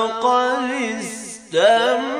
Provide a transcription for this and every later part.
فقد استمر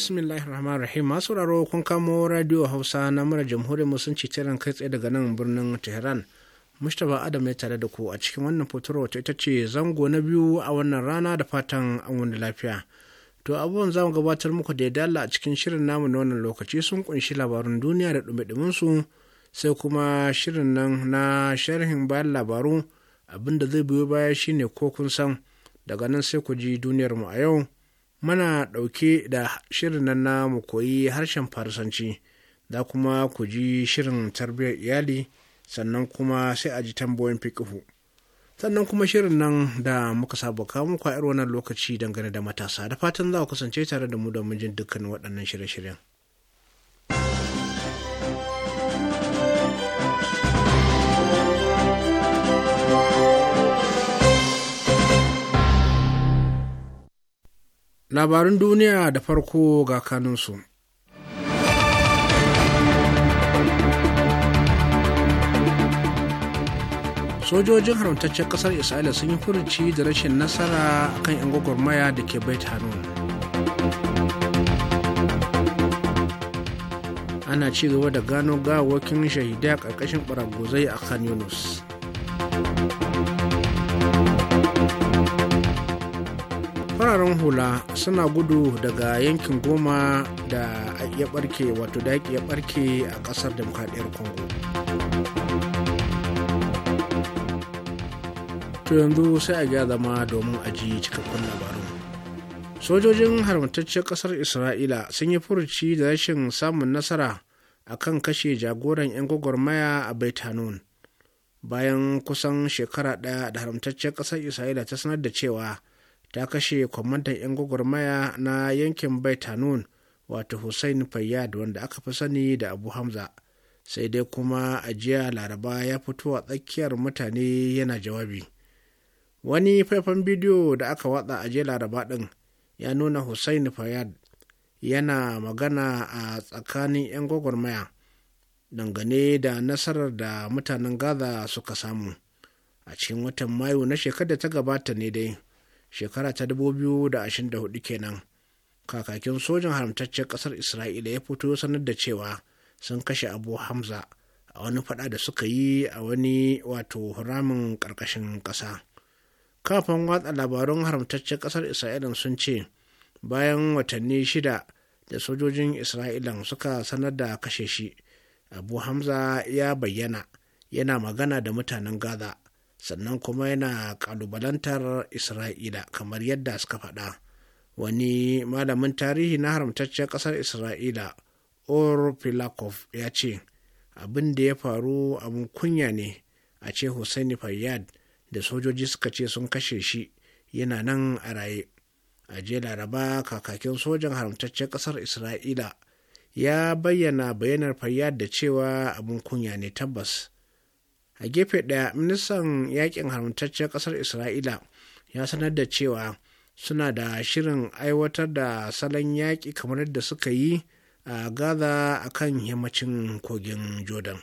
bismillahir rahman rahim masu raro kun kamo radio hausa na mura jamhuriyar musulunci tiran kai tsaye daga nan birnin tehran mustapha adam ya tare da ku a cikin wannan fotowar wata ita ce zango na biyu a wannan rana da fatan an wani lafiya to abubuwan za mu gabatar muku da ya dala a cikin shirin namu na wannan lokaci sun kunshi labarun duniya da dumi su sai kuma shirin nan na sharhin bayan labaru abinda zai biyo baya shine ko kun san daga nan sai ku ji duniyarmu a yau Muna ɗauke da shirin nan na mu koyi harshen Farisanci, da kuma ku ji shirin tarbiyyar iyali, sannan kuma sai a ji tambayoyin fiƙihu. Sannan kuma shirin nan da muka saba kawo muku a irin wannan lokaci dangane da matasa, da fatan za ku kasance tare da mu domin jin dukkan waɗannan shirye-shiryen. Labarin duniya da farko ga kanunsu. sojojin haramtaccen kasar isra'ila sun yi furuci da rashin nasara kan 'yan gwagwarmaya da ke bait hanun ana ci gaba da gano gawakin shahidai a ƙarƙashin baragozai a kan yunus fararen hula suna gudu daga yankin goma da ya barke wato da ya barke a kasar demokradiyyar congo to yanzu sai a gya zama domin a ji cikakkun labarun sojojin haramtacciyar kasar isra'ila sun yi furuci da rashin samun nasara a kan kashe jagoran 'yan gwagwarmaya a baitanun bayan kusan shekara ɗaya da haramtacciyar kasar isra'ila ta sanar da cewa ta kashe kwamandan 'yan gwagwarmaya na yankin baitanun wato hussein fayyad wanda aka fi sani da abu hamza sai dai kuma ajiya laraba ya fito a tsakiyar mutane yana jawabi wani faifan bidiyo da aka watsa a laraba ɗin ya nuna hussein fayyad yana magana a tsakanin 'yan gwagwarmaya dangane da nasarar da mutanen gaza suka samu a cikin watan mayu na shekarar da ta gabata ne dai shekara ta 2024 kenan kakakin sojan haramtaccen kasar isra'ila ya fito sanar da cewa sun kashe abu hamza a wani fada da suka yi a wani wato ramin karkashin kasa kafin watsa labarun haramtaccen kasar isra'ila sun ce bayan watanni shida da sojojin isra'ilan suka sanar da kashe shi abu hamza ya bayyana yana magana da mutanen gaza sannan kuma yana kalubalantar isra'ila kamar yadda suka faɗa wani malamin tarihi na haramtaccen ƙasar isra'ila or pilakov ya ce abin da ya faru abin kunya ne a ce hussaini fayyad da sojoji suka ce sun kashe shi yana nan a raye a jiya laraba kakakin sojan haramtaccen ƙasar isra'ila ya bayyana bayanar fayyad da cewa abin kunya ne tabbas a gefe ɗaya ministan yakin haramtaccen ƙasar isra'ila ya sanar da cewa suna da shirin aiwatar da salon yaƙi kamar yadda suka yi a gaza a kan yammacin kogin jordan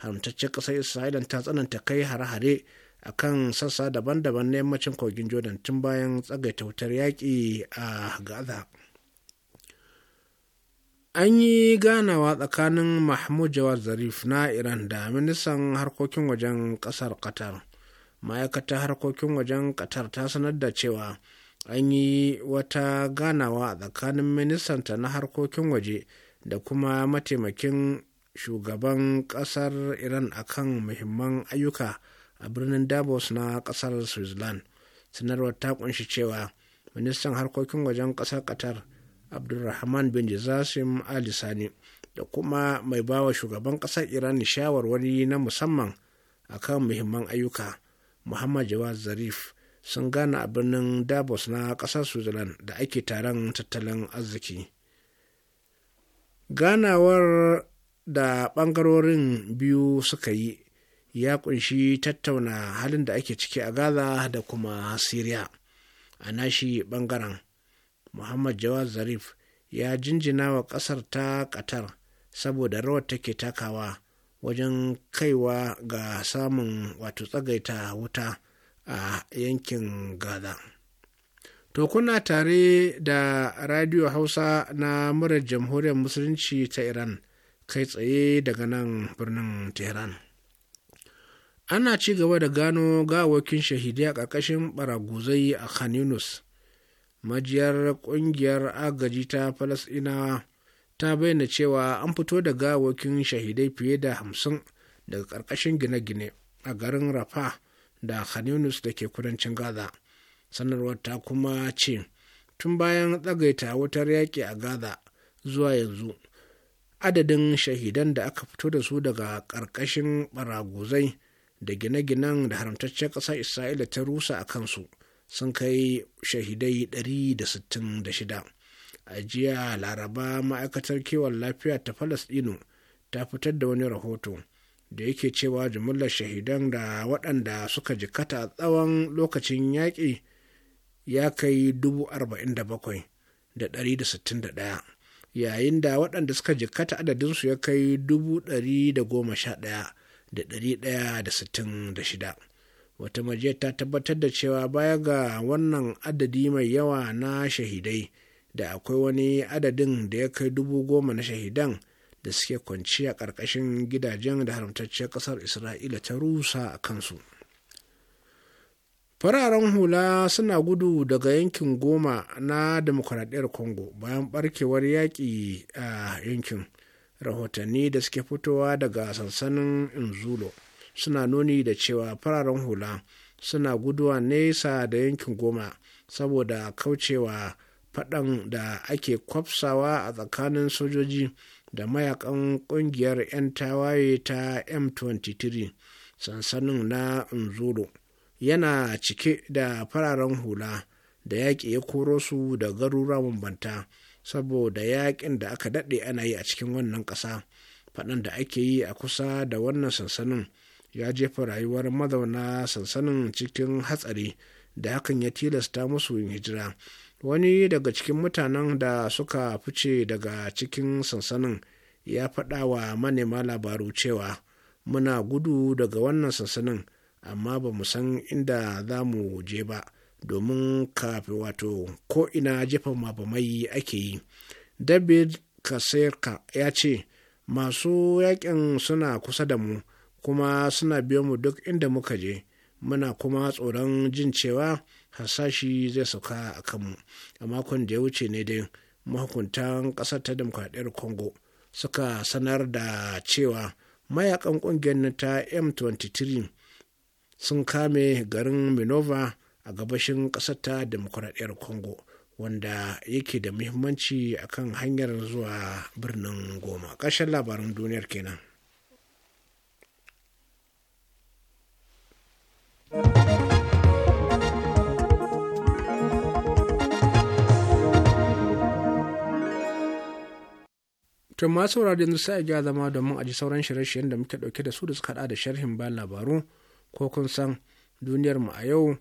haramtaccen ƙasar isra'ila ta tsananta kai hare-hare a kan sassa daban-daban na yammacin kogin jordan tun bayan tsagaita wutar yaƙi a gaza an yi ganawa tsakanin mahmud jawad zarif na iran da ministan harkokin wajen kasar qatar ma'aikatar harkokin wajen qatar ta sanar da cewa an yi wata ganawa a tsakanin ministanta na harkokin waje da kuma mataimakin shugaban kasar iran akan muhimman ayyuka a birnin davos na kasar switzerland sanarwar ta kunshi cewa ministan harkokin wajen kasar qatar abdulrahman bin jazasim ali sani da kuma mai bawa shugaban ƙasar iran shawarwari na musamman a kan muhimman ayyuka muhammad jawad zarif sun gana a birnin davos na ƙasar switzerland da ake taron tattalin arziki ganawar da ɓangarorin biyu suka yi ya kunshi tattauna halin da ake ciki a gaza da kuma Syria a nashi ɓangaren muhammad jawad zarif ya jinjina wa ƙasar ta qatar saboda rawar take takawa wajen kaiwa ga samun wato tsagaita wuta a yankin gaza to kuna tare da radio hausa na murar jamhuriyar musulunci ta iran kai tsaye daga nan birnin tehran ana ci gaba da gano gawakin shahidai a ƙarƙashin baraguzai a khan yunus majiyar ƙungiyar agaji ta falasɗinawa ta bayyana cewa an fito da gawakin shahidai fiye da hamsin daga ƙarƙashin gine-gine a garin rafa da hanunus da ke kudancin gaza sanarwar ta kuma ce tun bayan tsagaita wutar yaƙi a gaza zuwa yanzu adadin shahidan da aka fito da su daga ƙarƙashin baraguzai da gine-ginen da haramtaccen ƙasar isra'ila ta rusa a kansu sun kai shahidai 166 a jiya laraba ma'aikatar kiwon lafiya ta falasdino ta fitar da wani rahoto da yake cewa jimillar shahidan da waɗanda suka jikata a tsawon lokacin yaƙi ya kai 47,161 yayin da waɗanda suka jikata adadinsu ya kai 111,166 wata majiyar ta tabbatar da cewa baya ga wannan adadi mai yawa na shahidai da akwai wani adadin da ya kai dubu goma na shahidan da suke kwanci a ƙarƙashin gidajen da haramtacciyar ƙasar isra'ila ta rusa a kansu fararen hula suna gudu daga yankin goma na demokuraɗiyar congo bayan ɓarkewar yaƙi a yankin rahotanni da suke fitowa daga sansanin inzulo suna nuni da cewa fararen hula suna guduwa nesa da yankin goma saboda kaucewa faɗan da ake kwafsawa a tsakanin sojoji da mayakan ƙungiyar 'yan tawaye ta m23 sansanin na nzuru yana cike da fararen hula da yaƙi ya koro su da garura bambanta saboda yaƙin da aka daɗe ana yi a cikin wannan ƙasa faɗan da ake yi a kusa da wannan sansanin ya jefa rayuwar mazauna sansanin cikin hatsari da hakan ya tilasta musu yin hijira wani daga cikin mutanen da suka fice daga cikin sansanin ya faɗa wa manema labaru cewa muna gudu daga wannan sansanin amma ba mu san inda za mu je ba domin kafin wato ko ina jefa mabamai ake yi david kaseka ya ce masu yakin suna kusa da mu kuma suna biyo mu duk inda muka je muna kuma tsoron jin cewa hasashi zai sauka a kanmu a makon da ya wuce ne dai mahukuntan ƙasar ta demokradiyyar congo suka sanar da cewa mayakan ƙungiyar ta m23 sun kame garin minova a gabashin ƙasar ta demokradiyyar congo wanda yake da muhimmanci akan hanyar zuwa birnin goma ƙarshen labaran duniyar kenan tun masu saurari yanzu sai ga zama domin a ji sauran shirye-shiryen da muke ɗauke da su da suka da sharhin bayan labaru ko kun san duniyar mu a yau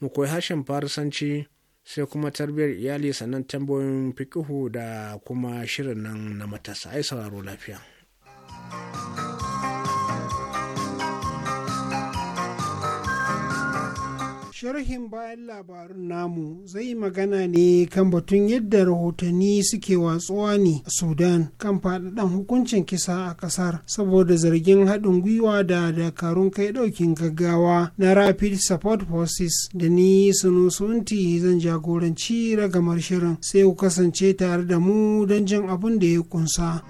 mu koyi harshen farisanci sai kuma tarbiyyar iyali sannan tambayoyin fikihu da kuma shirin nan na matasa ai sauraro lafiya. sharhin bayan labarun namu zai magana ne kan batun yadda rahotanni suke watsuwa ne a sudan kan faɗaɗan hukuncin kisa a ƙasar saboda zargin haɗin gwiwa da dakarun kai ɗaukin gaggawa na rapid support forces da ni sunti zan jagoranci ragamar shirin sai ku kasance tare da mu don jin abin da ya kunsa.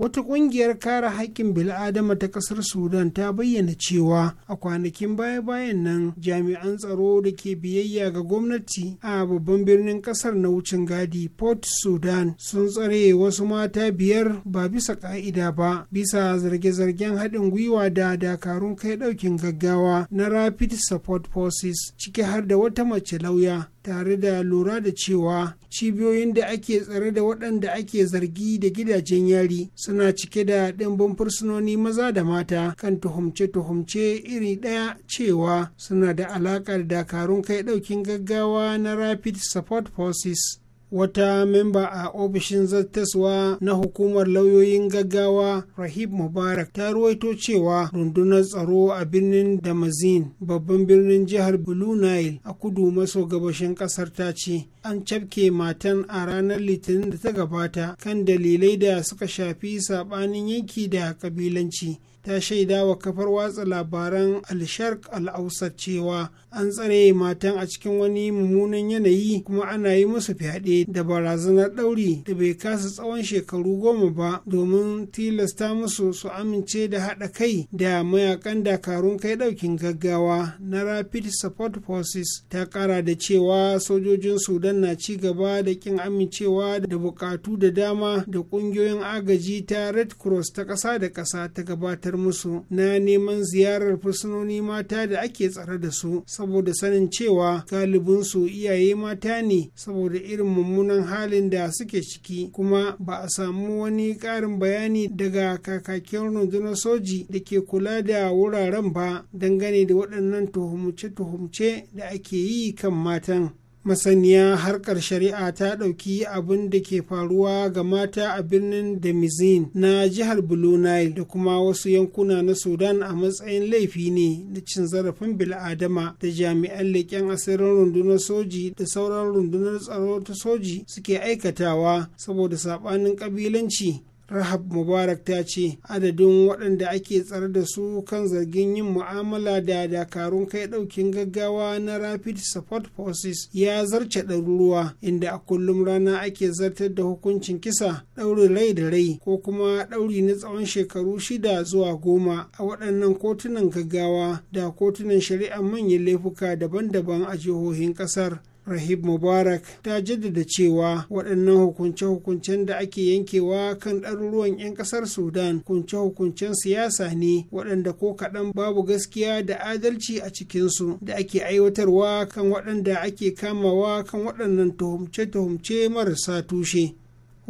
wata kungiyar kare haƙƙin bil'adama ta ƙasar sudan ta bayyana cewa a kwanakin baya-bayan nan jami'an tsaro da ke biyayya ga gwamnati a babban birnin ƙasar na wucin gadi port sudan sun tsare wasu mata biyar ba bisa ƙa'ida ba bisa zarge-zargen haɗin gwiwa da dakarun kai ɗaukin gaggawa na rapid support forces ciki har da wata mace lauya tare da lura da cewa cibiyoyin da ake tsare da waɗanda ake zargi da gidajen yari suna cike da ɗimbin fursunoni maza da mata kan tuhumce-tuhumce iri ɗaya cewa suna da alaƙar dakarun kai ɗaukin gaggawa na rapid support forces wata memba a ofishin zattaswa na hukumar lauyoyin gaggawa rahib mubarak ta ruwaito cewa rundunar tsaro a birnin damazin babban birnin jihar blue nile a kudu maso gabashin kasar ta ce an cafke matan a ranar litinin da ta gabata kan dalilai da suka shafi saɓanin yanki da kabilanci ta shaida wa kafar watsa labaran al-sharq al-ausar cewa an tsare matan a cikin wani mummunan yanayi kuma ana yi musu fyaɗe da barazanar ɗauri da bai kasa tsawon shekaru goma ba domin tilasta musu su amince da haɗa kai da mayakan dakarun kai ɗaukin gaggawa na rapid support forces ta ƙara da cewa sojojin sudan na ci gaba da ƙin amincewa da buƙatu da dama da ƙungiyoyin agaji ta red cross ta ƙasa da ƙasa ta gabatar musu na neman ziyarar fursunoni mata da ake tsare da su saboda sanin cewa galibinsu iyaye mata ne saboda irin mummunan halin da suke ciki kuma ba a samu wani ƙarin bayani daga kakakin rundunar soji da ke kula da wuraren ba dangane da waɗannan tuhumce-tuhumce da ake yi kan matan. masaniya harkar shari'a ta ɗauki abin da ke faruwa ga mata a birnin demizin na jihar blue nile da kuma wasu yankuna na sudan a matsayin laifi ne da cin zarafin bil'adama da jami'an leƙen asirin rundunar soji da sauran rundunar tsaro ta soji suke aikatawa saboda saɓanin ƙabilanci rahab mubarak ta ce adadin waɗanda ake tsare da su kan zargin yin mu'amala da dakarun kai ɗaukin gaggawa na rapid support forces ya zarce ɗaruruwa inda a kullum rana ake zartar da hukuncin kisa ɗaurin rai da rai ko kuma ɗauri na tsawon shekaru shida zuwa goma a waɗannan kotunan gaggawa da kotunan shari'a manyan laifuka daban-daban a jihohin ƙasar rahib mubarak ta jaddada cewa waɗannan hukunce-hukuncen da ake yankewa kan ɗaruruwan 'yan ƙasar sudan hukunce-hukuncen siyasa ne waɗanda ko kaɗan babu gaskiya da adalci a cikinsu da ake aiwatarwa kan waɗanda ake kamawa kan waɗannan tuhumce-tuhumce marasa tushe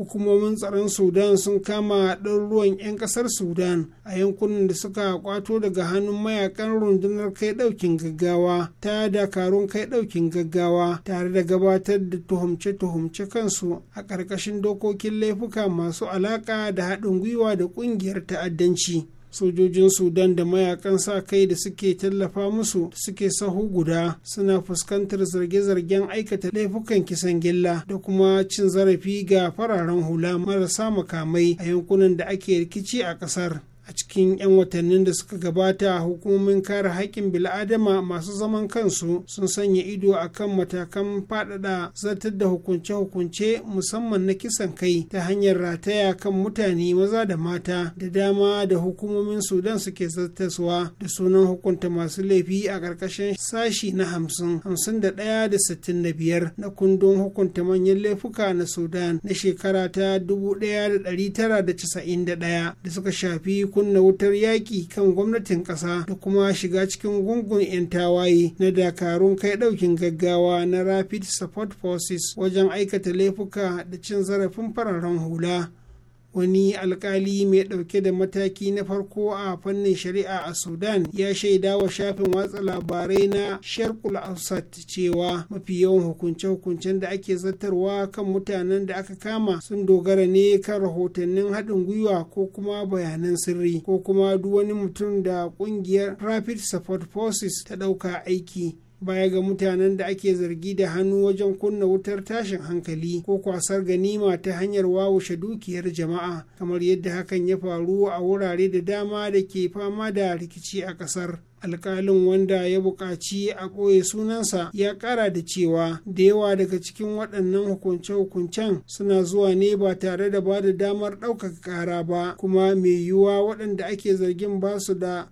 hukumomin tsaron sudan sun kama ruwan 'yan ƙasar sudan a yankunan da suka kwato daga hannun mayakan rundunar kai ɗaukin gaggawa ta dakarun kai ɗaukin gaggawa tare da gabatar da tuhumce-tuhumce kansu a ƙarƙashin dokokin laifuka masu alaƙa da haɗin gwiwa da ƙungiyar ta'addanci sojojin sudan da mayakan sa kai da suke tallafa musu suke sahu guda suna fuskantar zarge-zargen aikata laifukan kisan gilla da kuma cin zarafi ga fararen hula marasa makamai a yankunan da ake rikici a kasar a cikin 'yan watannin da suka gabata hukumomin kare haƙƙin bil'adama masu zaman kansu sun sanya ido a kan matakan faɗaɗa zartar da hukunce-hukunce musamman na kisan kai ta hanyar rataya kan mutane maza da mata da dama da hukumomin sudan suke zartaswa da sunan hukunta masu laifi a ƙarƙashin sashi na hamsin hamsin da ɗaya da sittin da biyar na kundin hukunta manyan laifuka na sudan na shekara ta dubu ɗaya da ɗari tara da casa'in da ɗaya da suka shafi kunna wutar yaƙi kan gwamnatin ƙasa da kuma shiga cikin gungun 'yan tawaye na dakarun kai ɗaukin gaggawa na rapid support forces wajen aikata laifuka da cin zarafin fararen hula wani alkali mai ɗauke da mataki na farko a fannin shari'a a sudan ya shaida wa shafin watsa labarai na sharkul ausat cewa mafi yawan hukunce-hukuncen da ake zartarwa kan mutanen da aka kama sun dogara ne kan rahotannin haɗin gwiwa ko kuma bayanan sirri ko kuma duk wani mutum da ƙungiyar rapid support forces ta ɗauka aiki baya ga mutanen da ake zargi da hannu wajen kunna wutar tashin hankali ko kwasar ganima ta hanyar wawushe dukiyar jama'a kamar yadda hakan ya faru a wurare da dama da ke fama da rikici a ƙasar alkalin wanda ya buƙaci a ɓoye sunansa ya ƙara da cewa da yawa daga cikin waɗannan hukunce-hukuncen suna zuwa ne ba tare da ba da damar ɗaukaka ƙara ba kuma mai yiwuwa waɗanda ake zargin ba su da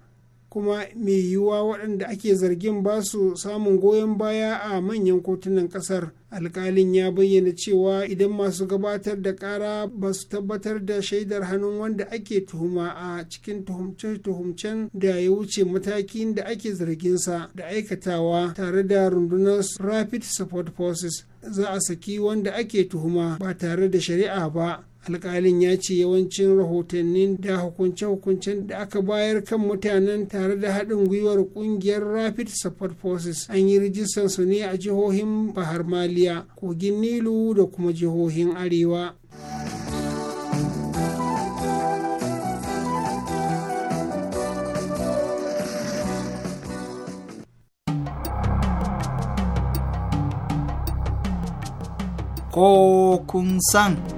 kuma mai yiwuwa waɗanda ake zargin ba su samun goyon baya a manyan kotunan ƙasar alkalin ya bayyana cewa idan masu gabatar da ƙara ba su tabbatar da shaidar hannun wanda ake tuhuma a cikin tuhumce-tuhumcen da ya wuce matakin da ake zarginsa da aikatawa tare da rundunar rapid support forces za a saki wanda ake tuhuma ba tare da shari'a ba alkalin ya ce yawancin rahotannin da hukunce-hukuncen da aka bayar kan mutanen tare da haɗin gwiwar ƙungiyar rapid support forces an yi rijistar su ne a jihohin bahar maliya kogin nilu da kuma jihohin arewa Ko kun san.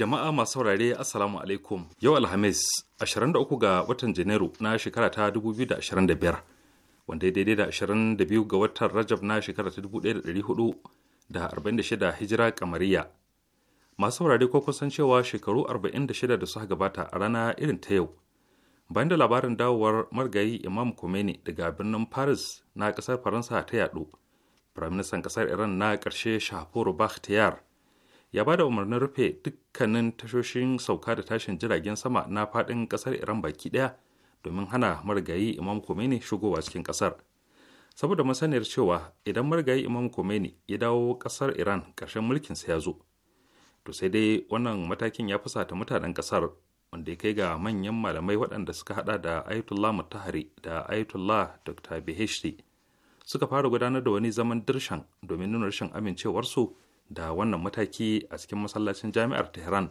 Jama'a masu saurare Assalamu alaikum. Yau Alhamis 23 ga watan Janairu na shekara ta 2025 wanda ya daidai da 22 ga watan Rajab na shekara ta 1446 Hijira kamariya. Masu saurare ko kusan cewa shekaru 46 da suka gabata a rana irin ta yau. Bayan da labarin dawowar margayi Imam Khomeini daga birnin Paris na kasar Faransa ta yadu. Firaministan kasar Iran na ƙarshe Shahapur Bakhtiyar ya ba da umarnin rufe dukkanin tashoshin sauka da tashin jiragen sama na faɗin kasar iran baki ɗaya domin hana marigayi imam khomeini shigowa cikin ƙasar saboda masaniyar cewa idan marigayi imam khomeini ya dawo ƙasar iran ƙarshen mulkinsa ya zo to sai dai wannan matakin ya fusata mutanen ƙasar wanda ya kai ga manyan malamai waɗanda suka hada da ayatollah mutahari da ayatollah dr bhd suka fara gudanar da wani zaman dirshan domin nuna rashin amincewarsu da wannan mataki a cikin masallacin jami'ar tehran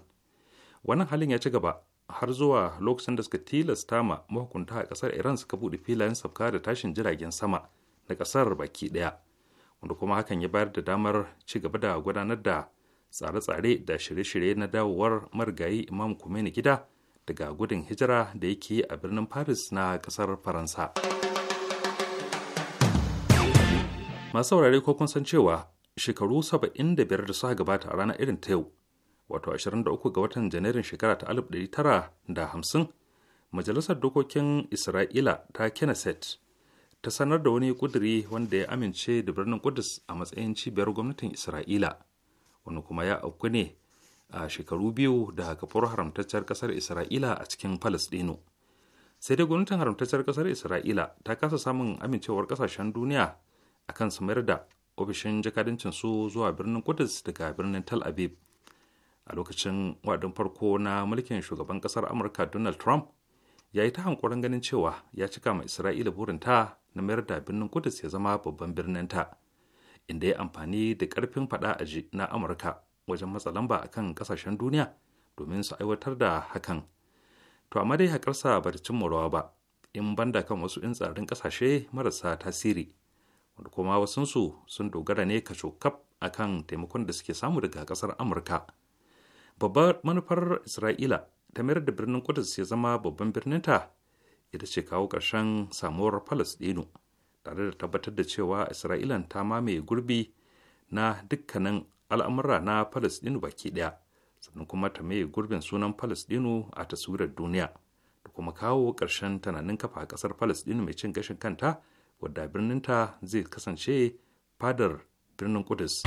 wannan halin ya ci gaba har zuwa lokacin da suka tilasta ma mahukunta a kasar iran suka buɗe filayen sabka da tashin jiragen sama na kasar baki ɗaya wanda kuma hakan ya bayar da damar ci gaba da gudanar da tsare-tsare da shirye-shirye na dawowar marigayi imam kumeni gida daga gudun hijira da yake a birnin paris na kasar faransa masu saurare ko kun san cewa shekaru saba'in da biyar da suka gabata a ranar irin ta yau wato 23 ga watan janairun shekara ta alif tara da hamsin majalisar dokokin isra'ila ta kenneset ta sanar da wani kuduri wanda ya amince da birnin kudus a matsayin cibiyar gwamnatin isra'ila wani kuma ya auku ne a shekaru biyu da kafar haramtacciyar kasar isra'ila a cikin palestino sai dai gwamnatin haramtacciyar kasar isra'ila ta kasa samun amincewar kasashen duniya akan su mayar da ofishin jakadancin su zuwa birnin Kudus daga birnin Tal Abib, A lokacin wadin farko na mulkin shugaban kasar Amurka Donald Trump ya yi ta hankurin ganin cewa ya cika ma Isra'ila burinta na mayar da birnin Kudus ya zama babban birninta, inda ya amfani da karfin fada aji na Amurka wajen matsa lamba a kan ƙasashen duniya domin su aiwatar da hakan. To amma dai haƙarsa ba ta cin ba, in banda kan wasu 'yan tsarin ƙasashe marasa tasiri. wanda kuma wasansu sun dogara ne kaso kaf kan taimakon da suke samu daga kasar amurka babbar manufar isra'ila ta mayar da birnin kudus ya zama babban birninta ita ce kawo ƙarshen samuwar palestino tare da tabbatar da cewa isra'ilan ta mamaye gurbi na dukkanin al'amura na palestino baki ɗaya sannan kuma ta maye gurbin sunan palestino a taswirar duniya da kuma kawo ƙarshen tunanin kafa a ƙasar palestino mai cin gashin kanta wadda birninta zai kasance fadar birnin Kudus.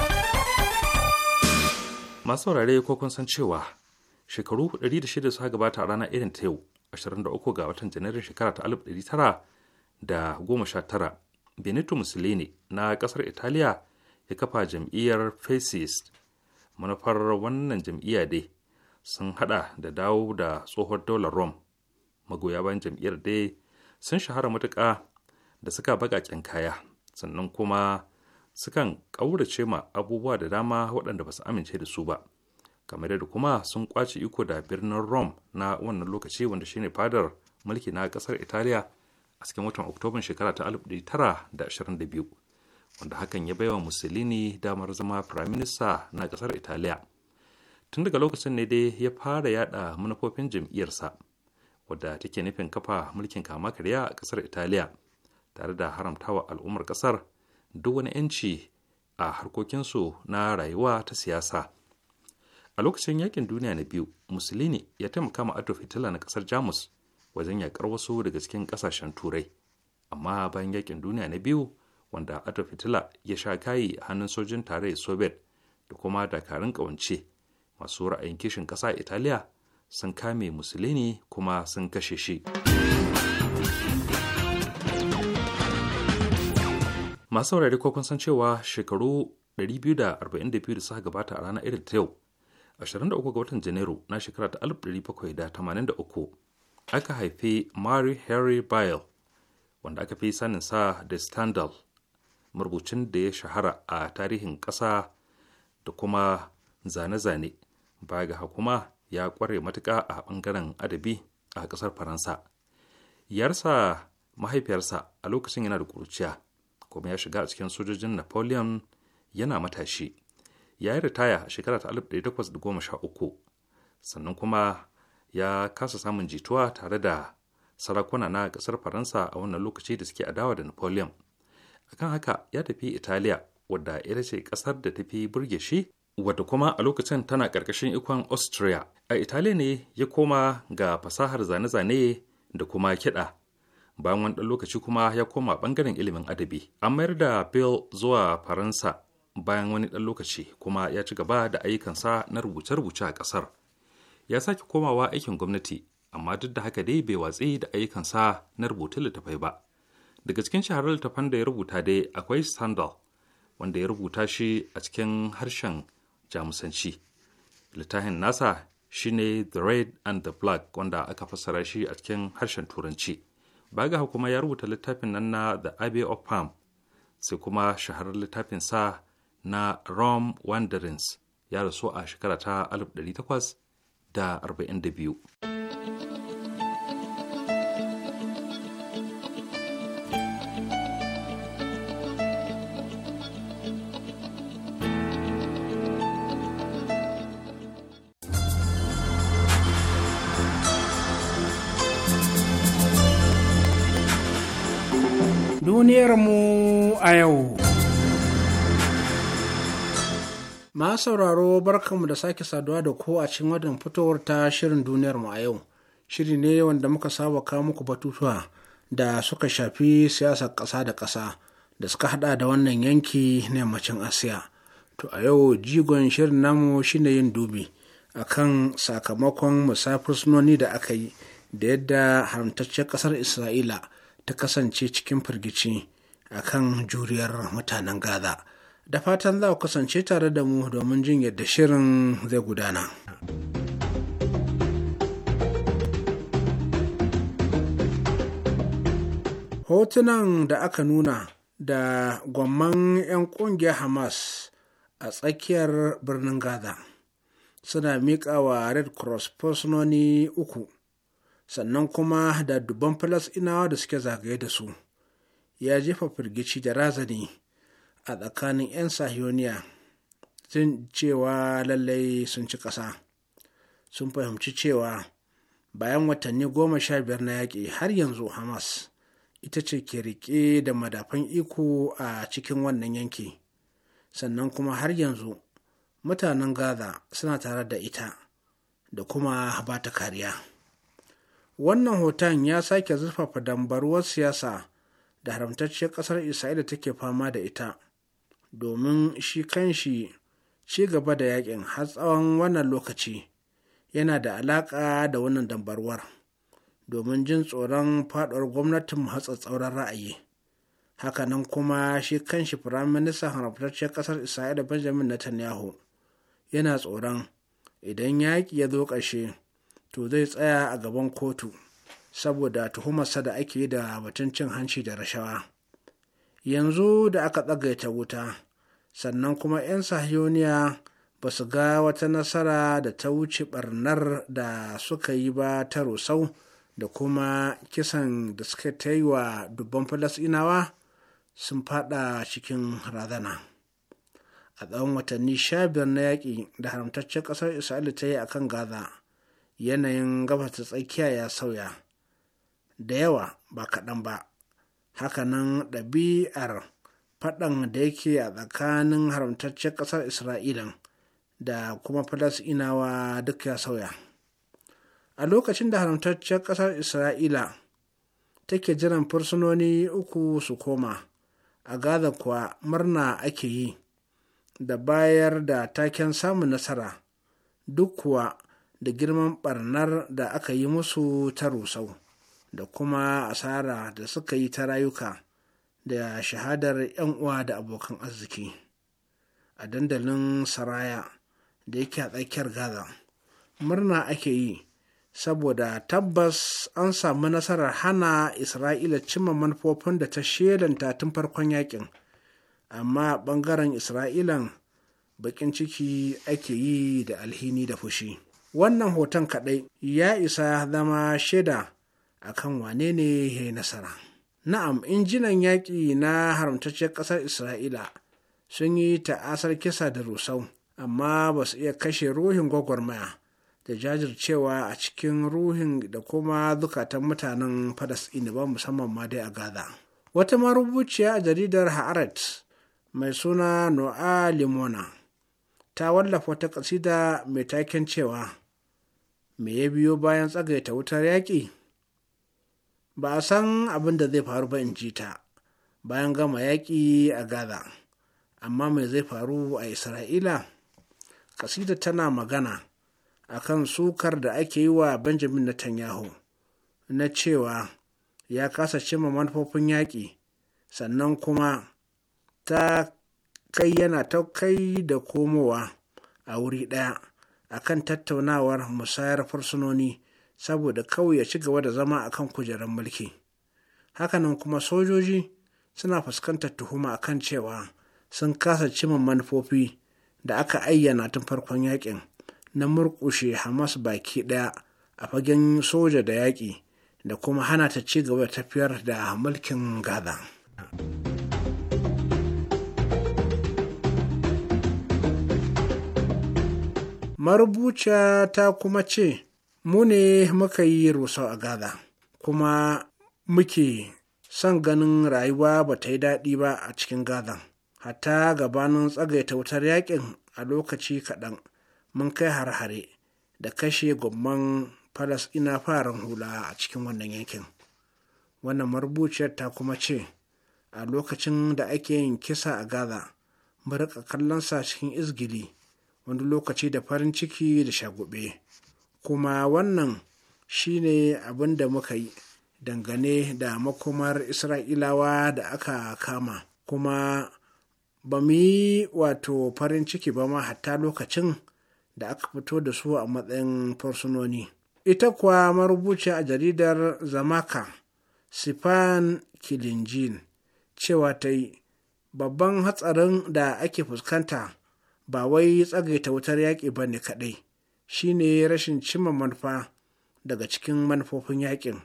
Masu saurare ko kun san cewa shekaru 106 suka gabata a ranar irin ta yau 23 ga watan janairun shekara ta 1919 Benito Mussolini na kasar Italiya ya kafa jam'iyyar Fascist. Manufar wannan jam'iyya dai sun hada da dawo da tsohon daular Rome. Magoya bayan jam'iyyar dai sun shahara matuka. da suka baƙaƙen kaya sannan kuma sukan ƙaurace ma abubuwa da dama waɗanda ba su amince da su ba kamar yadda kuma sun kwace iko da birnin rome na wannan lokaci wanda shine fadar mulki na ƙasar italiya a cikin watan oktoban shekara ta 1922 wanda hakan ya baiwa musulini damar zama firaminista na ƙasar italiya tun daga lokacin ne dai ya fara yada manufofin jam'iyyarsa wadda take nufin kafa mulkin kama karya a ƙasar italiya tare da haramtawa al'ummar kasar duk wani 'yanci a harkokinsu na rayuwa ta siyasa a lokacin yakin duniya na biyu musulini ya taimaka ma adolf hitler na ƙasar jamus wajen yaƙar wasu daga cikin ƙasashen turai amma bayan yakin duniya na biyu wanda adolf hitler ya sha kayi a hannun sojin tarayyar soviet da kuma dakarun ƙawance masu ra'ayin kishin ƙasa italiya sun kame musulini kuma sun kashe shi. masu saurari ko kun san cewa shekaru 242 da suka gabata a ranar irin ta yau 23 ga watan janairu na shekara ta 1783 aka haifi mary harry bile wanda aka fi sanin sa da standal marubucin da ya shahara a tarihin ƙasa da kuma zane-zane baya ga hakuma ya kware matuka a ɓangaren adabi a ƙasar faransa yarsa mahaifiyarsa a lokacin yana da kuruciya kuma ya shiga a cikin sojojin napoleon yana matashi ya yi ritaya a shekara ta 1813 sannan kuma ya kasa samun jituwa tare da sarakuna na kasar faransa a wannan lokaci da suke adawa da napoleon kan haka ya tafi italiya wadda ita ce kasar da tafi burge shi wadda kuma a lokacin tana ƙarƙashin ikon austria a italiya ne ya koma ga fasahar zane-zane da kuma kiɗa bayan wani ɗan lokaci kuma ya koma ɓangaren ilimin adabi an mayar da phil zuwa faransa bayan wani ɗan lokaci kuma ya ci gaba da ayyukansa na rubuce-rubuce a ƙasar ya sake komawa aikin gwamnati amma duk da haka dai bai watsi da ayyukansa na rubuta littafai ba daga cikin shaharar littafan da ya rubuta dai akwai sandal wanda ya rubuta shi a cikin harshen jamusanci littafin nasa shine the red and the black wanda aka fassara shi a cikin harshen turanci baga kuma ya rubuta littafin nan na the abbey of palm sai kuma shaharar littafin sa na rome wanderings ya rasu a shekara ta 1842 mu a yau. Ma sauraro barkanmu da sake saduwa da ko a cikin wannan fitowar ta shirin duniyarmu a yau. Shiri ne wanda muka saba kawo muku batutuwa da suka shafi siyasar ƙasa da ƙasa da suka hada da wannan yanki na yammacin Asiya. To a yau jigon shirin namu shine yin dubi akan sakamakon musafir sunoni da aka yi da yadda haramtaccen ƙasar Isra'ila ta kasance cikin firgici a kan juriyar mutanen Gaza. Da fatan za ku kasance tare da mu domin jin yadda shirin zai gudana. Hotunan da aka nuna da gwamman 'yan ƙungiyar Hamas a tsakiyar birnin Gaza suna miƙa wa Red Cross fursunoni uku. sannan kuma da dubban falasɗinawa da suke zagaye da su ya jefa firgici da razani a tsakanin 'yan sahiyoniya sun cewa lallai sun ci ƙasa sun fahimci cewa bayan watanni goma sha biyar na yaƙi har yanzu hamas ita ce ke riƙe da madafan iko a cikin wannan yanki sannan kuma har yanzu mutanen gaza suna tare da ita da kuma ba ta kariya wannan hoton ya sake zurfafa dambaruwar siyasa da haramtacciyar ƙasar isra'ila take fama da ita domin shi kanshi ci gaba da yakin har tsawon wannan lokaci yana da alaƙa da wannan dambarwar domin jin tsoron faɗuwar gwamnatin tsauran ra'ayi hakanan kuma shi kanshi firaministan haramtacciyar ƙasar isra'ila benjamin netanyahu yana tsoron idan yaƙi ya zo ƙarshe to zai tsaya a gaban kotu saboda tuhumarsa da ake da batun cin hanci da rashawa yanzu da aka tsagaita wuta sannan kuma 'yan sahiyoniya ba su ga wata nasara da ta wuce barnar da suka yi ba ta rusau da kuma kisan da suka ta yi wa dubban falasinawa sun fada cikin razana a tsawon watanni sha biyar na yaƙi da haramtaccen ƙasar isra'ila ta yi a kan gaza yanayin gabas ta tsakiya ya sauya da yawa ba kaɗan ba hakanan ɗabi'ar faɗan da yake a tsakanin haramtaccen ƙasar Isra'ila da kuma falasinawa duk ya sauya a lokacin da haramtaccen ƙasar isra'ila take jiran fursunoni uku su koma a gaza kuwa murna ake yi da bayar da taken samun nasara duk kuwa da girman barnar da aka yi musu ta rusau da kuma asara da suka yi ta rayuka da shahadar 'yan uwa da abokan arziki a dandalin saraya da yake a tsakiyar gaza murna ake yi saboda tabbas an samu nasarar hana isra'ila cimma manufofin da ta shelanta tun farkon yakin amma bangaren isra'ilan bakin ciki ake yi da alhini da fushi. wannan hoton kaɗai ya isa zama shaida a kan wane ne ya yi nasara. Na'am, injinan yaƙi na haramtacciyar ƙasar Isra'ila sun yi ta'asar kisa da rusau, amma ba su iya kashe ruhin gwagwarmaya da jajircewa a cikin ruhin da kuma zukatan mutanen Falasɗini ba musamman ma dai a Gaza. Wata marubuciya a jaridar Haaret mai suna Noa Limona ta wallafa wata ƙasida mai taken cewa me ya biyo bayan tsagaita wutar yaƙi ba a san abin da zai faru ba in ji ta bayan gama yaƙi a gaza amma mai zai faru a isra'ila kasida tana magana a kan sukar da ake yi wa benjamin netanyahu na cewa ya kasa cimma manufofin yaƙi sannan kuma ta kai yana ta kai da komowa a wuri ɗaya akan tattaunawar musayar fursunoni saboda kawai ya ci gaba da zama akan kujerar mulki hakanan kuma sojoji suna fuskantar tuhuma akan cewa sun kasa cimin manufofi da aka ayyana tun farkon yakin na murkushe hamas baki daya a fagen soja da yaƙi da kuma hana ta ci gaba da tafiyar da mulkin gaza. Marubuciya ta kuma ce, Mu ne muka yi rusau a Gaza, kuma muke son ganin rayuwa ba ta yi daɗi ba a cikin Gaza. Hatta gabanin tsagaita wutar yakin a lokaci kaɗan mun kai har-hare da kashe gomman falasɗina farin hula a cikin wannan yankin. Wannan marubuciyar ta kuma ce, a lokacin da ake yin kisa a Gaza, mu kallon sa cikin izgili. wani lokaci da farin ciki da shagube kuma wannan shine abin da muka yi dangane da makomar isra'ilawa da aka kama kuma ba mu yi wato farin ciki ba ma hatta lokacin da aka fito da su a matsayin farsunoni. ita kuwa marubuci a jaridar zamaka sifan kilinjin cewa ta yi babban hatsarin da ake fuskanta ba wai tsagaita wutar yaƙi ba ne kaɗai shi ne rashin cimma manufa daga cikin manufofin yaƙin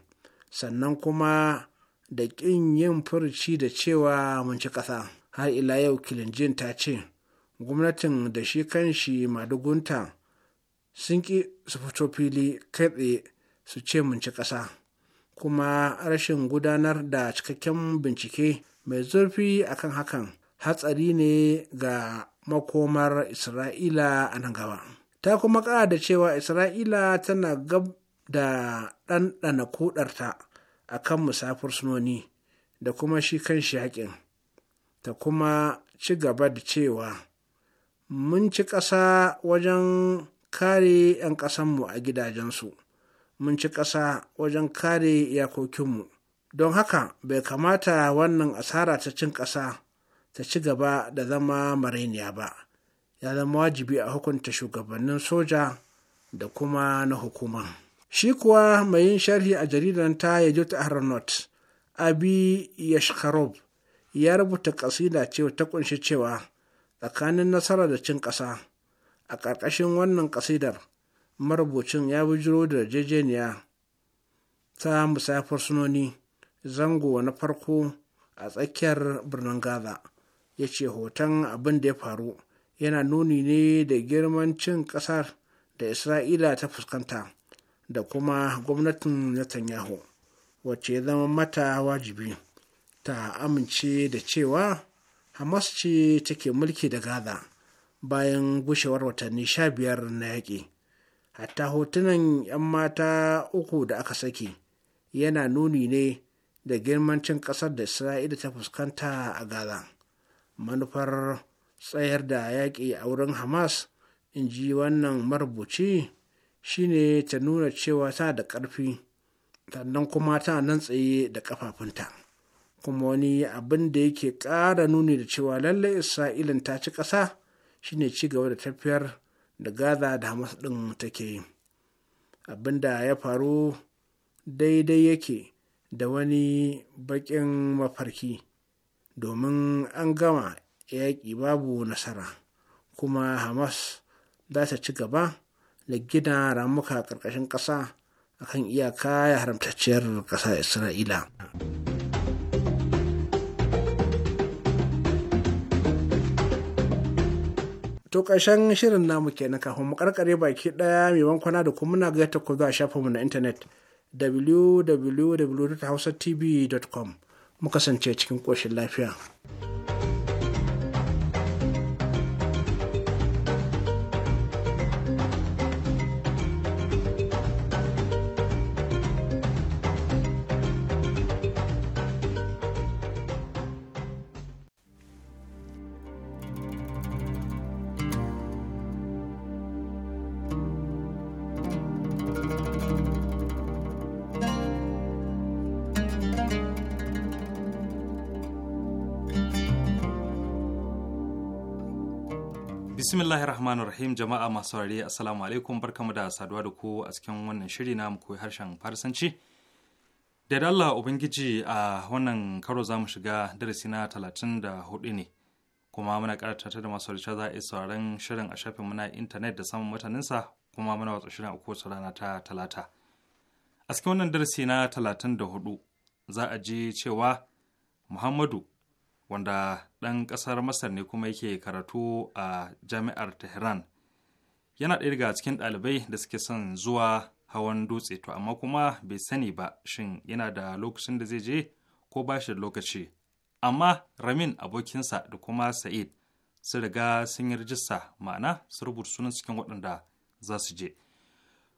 sannan kuma da ƙin yin furci da cewa mun ci ƙasa har ila yau kilinjin ta ce gwamnatin da shi kan shi madugunta sun ƙi su fito fili kai tsaye su ce mun ci ƙasa kuma rashin gudanar da cikakken bincike mai zurfi akan hakan hatsari ne ga makomar isra'ila a nan gaba ta kuma ƙara da cewa isra'ila tana gab da ɗanɗana kudarta a kan musafir sunoni da kuma shi kan shi haƙin ta kuma ci gaba da cewa mun ci ƙasa wajen kare 'yan ƙasanmu a gidajensu mun ci ƙasa wajen kare iyakokinmu don haka bai kamata wannan asara ta cin ƙasa ta ci gaba da zama marainiya ba ya zama wajibi a hukunta shugabannin soja da kuma na hukuma shi kuwa mai yin sharhi a jaridar ta ya yajut aronot abi yashkarov ya rubuta kasida cewa ta kunshi cewa tsakanin nasara da cin ƙasa a ƙarƙashin wannan kasidar marubucin ya bujiro da jejeniya ta musafir sunoni zango na farko a tsakiyar birnin gaza ya ce hoton abin da ya faru yana nuni ne da girman cin ƙasar da isra'ila ta fuskanta da kuma gwamnatin netanyahu wacce ya zama mata wajibi ta amince da cewa hamas ce take mulki da gaza bayan gushewar watanni sha biyar na yaƙi hatta hotunan 'yan mata uku da aka saki yana nuni ne da girmancin ƙasar da isra'ila ta fuskanta a gaza manufar tsayar da yaƙi a wurin hamas in ji wannan marubuci shine ta nuna cewa ta da ƙarfi sannan kuma ta nan tsaye da ƙafafunta kuma wani abin da yake ƙara nuni da cewa lallai isra'ilin ta ci ƙasa shine ci gaba da tafiyar da gaza da hamas ɗin take yi abin da ya faru daidai yake da wani baƙin mafarki domin an gama yaƙi babu nasara kuma hamas za ta ci gaba da gina ramuka ƙarƙashin ƙasa akan iyaka ya haramtacciyar ƙasa isra'ila to ƙarshen shirin namu kenan kafin mu ƙarƙare baki ɗaya mai bankwana da kuma muna gaita ku zuwa shafinmu na intanet www.hausatv.com mu kasance cikin ƙoshin lafiya. bismillahi rahmanir rahim jama'a masu saurare assalamu alaikum barkamu da saduwa da ku a cikin wannan shiri na mu koyi harshen farsanci da dalla ubangiji a wannan karo za mu shiga darasi na talatin da hudu ne kuma muna karatar da masu rica za a yi sauran shirin a shafin muna intanet da samun mutaninsa kuma muna watsa shirin a kowace rana ta talata a cikin wannan darasi na talatin da hudu za a ji cewa muhammadu wanda ɗan ƙasar masar ne kuma yake karatu a jami'ar tehran yana ɗaya daga cikin ɗalibai da suke son zuwa hawan dutse to amma kuma bai sani ba shin yana da lokacin da zai je ko ba shi da lokaci amma ramin abokinsa da kuma sa'id sun riga sun yi rajista ma'ana su rubuta sunan cikin waɗanda za su je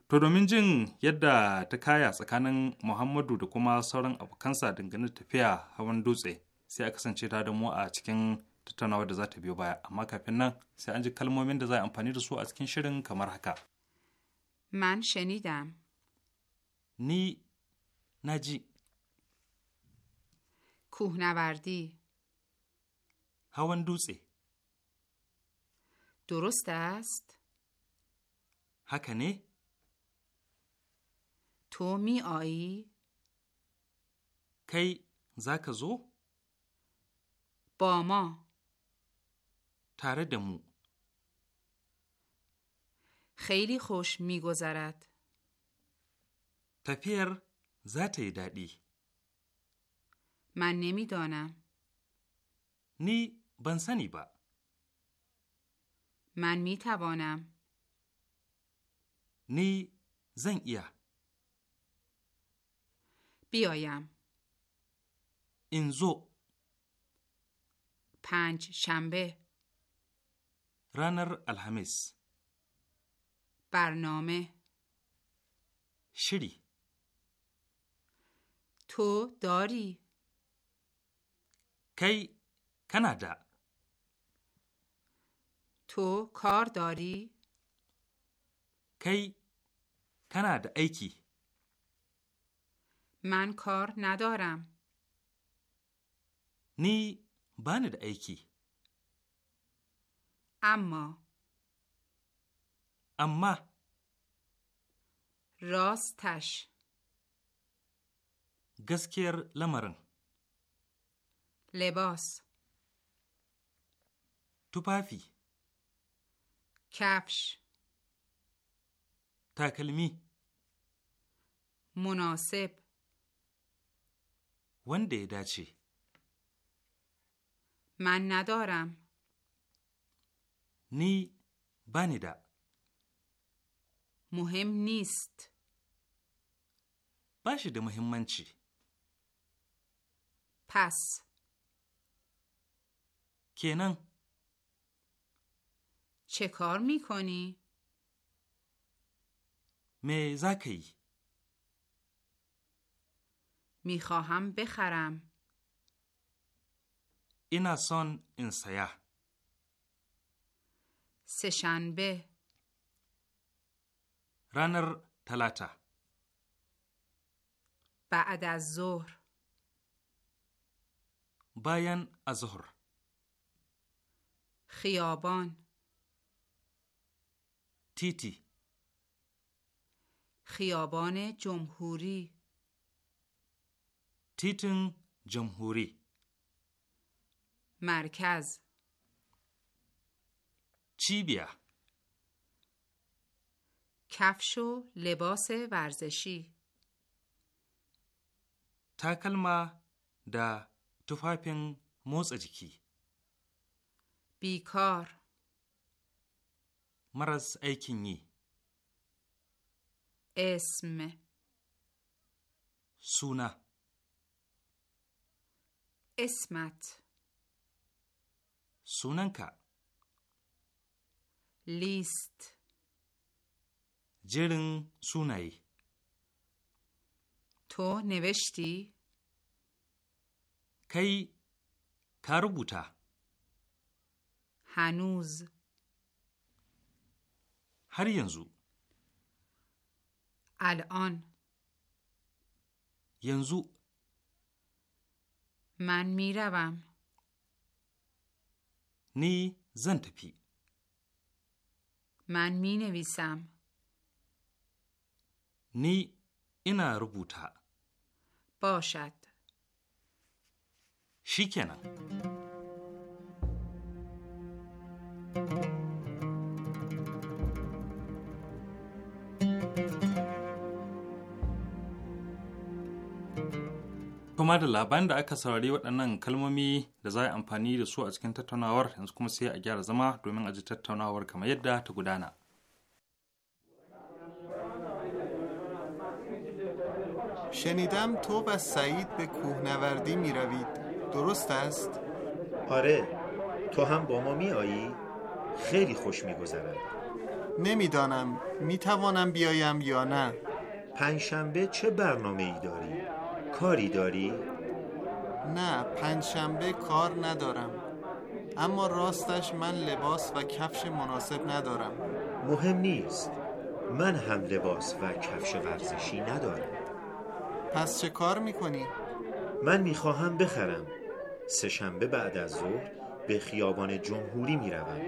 to domin jin yadda ta kaya tsakanin muhammadu da kuma sauran abokansa dangane da tafiya hawan dutse sai a kasance ta da mu a cikin tattaunawa da za ta biyo baya amma kafin nan sai an ji kalmomin da za a amfani da su a cikin shirin kamar haka man shanida. ni naji kuhnawardi hawan dutse درست است؟ هکنه؟ تو می آیی؟ کی زاک زو؟ با ما تره دمو خیلی خوش میگذرد تفیر ذات دادی من نمیدانم نی بنسنی با من میتوانم نی زن بیایم انزو پنج شنبه رانر الهمس. برنامه شری تو داری کی کانادا تو کار داری کی کانادا ایکی من کار ندارم نی ba ni da aiki. Amma. Amma. Rostash. Gaskiyar lamarin. Lebos. Tufafi. Kafsh. Takalmi. Munasib. Wanda ya dace. من ندارم نی بنیدا مهم نیست باشه ده چی؟ پس کنن چه کار میکنی؟ می زکی میخواهم بخرم اینا سون سشنبه رانر تلاتا بعد از ظهر باین از ظهر خیابان تیتی خیابان جمهوری تیتن جمهوری مرکز چیبیا کفش و لباس ورزشی تاکلما دا توفافین موز جیکی بیکار مرز ایکینی اسم سونا اسمت سوننکا لیست جرن سونای تو نوشتی؟ کی بوده هنوز هر ینزو الان ینزو من میروم نی زن تپی من می نویسم نی اینا ربوتا باشد شیکنم ma da labarin da aka saurari waɗannan kalmomi da za a amfani da su a cikin tattaunawar yanzu kuma sai a gyara zama domin a ji tattaunawar kamar yadda ta gudana. شنیدم تو و سعید به کوهنوردی می روید درست است؟ آره تو هم با ما می آیی؟ خیلی خوش می گذرد نمیدانم می توانم بیایم یا نه پنجشنبه چه برنامه ای داری؟ کاری داری؟ نه پنجشنبه کار ندارم اما راستش من لباس و کفش مناسب ندارم مهم نیست من هم لباس و کفش ورزشی ندارم پس چه کار میکنی؟ من میخواهم بخرم سهشنبه بعد از ظهر به خیابان جمهوری میروم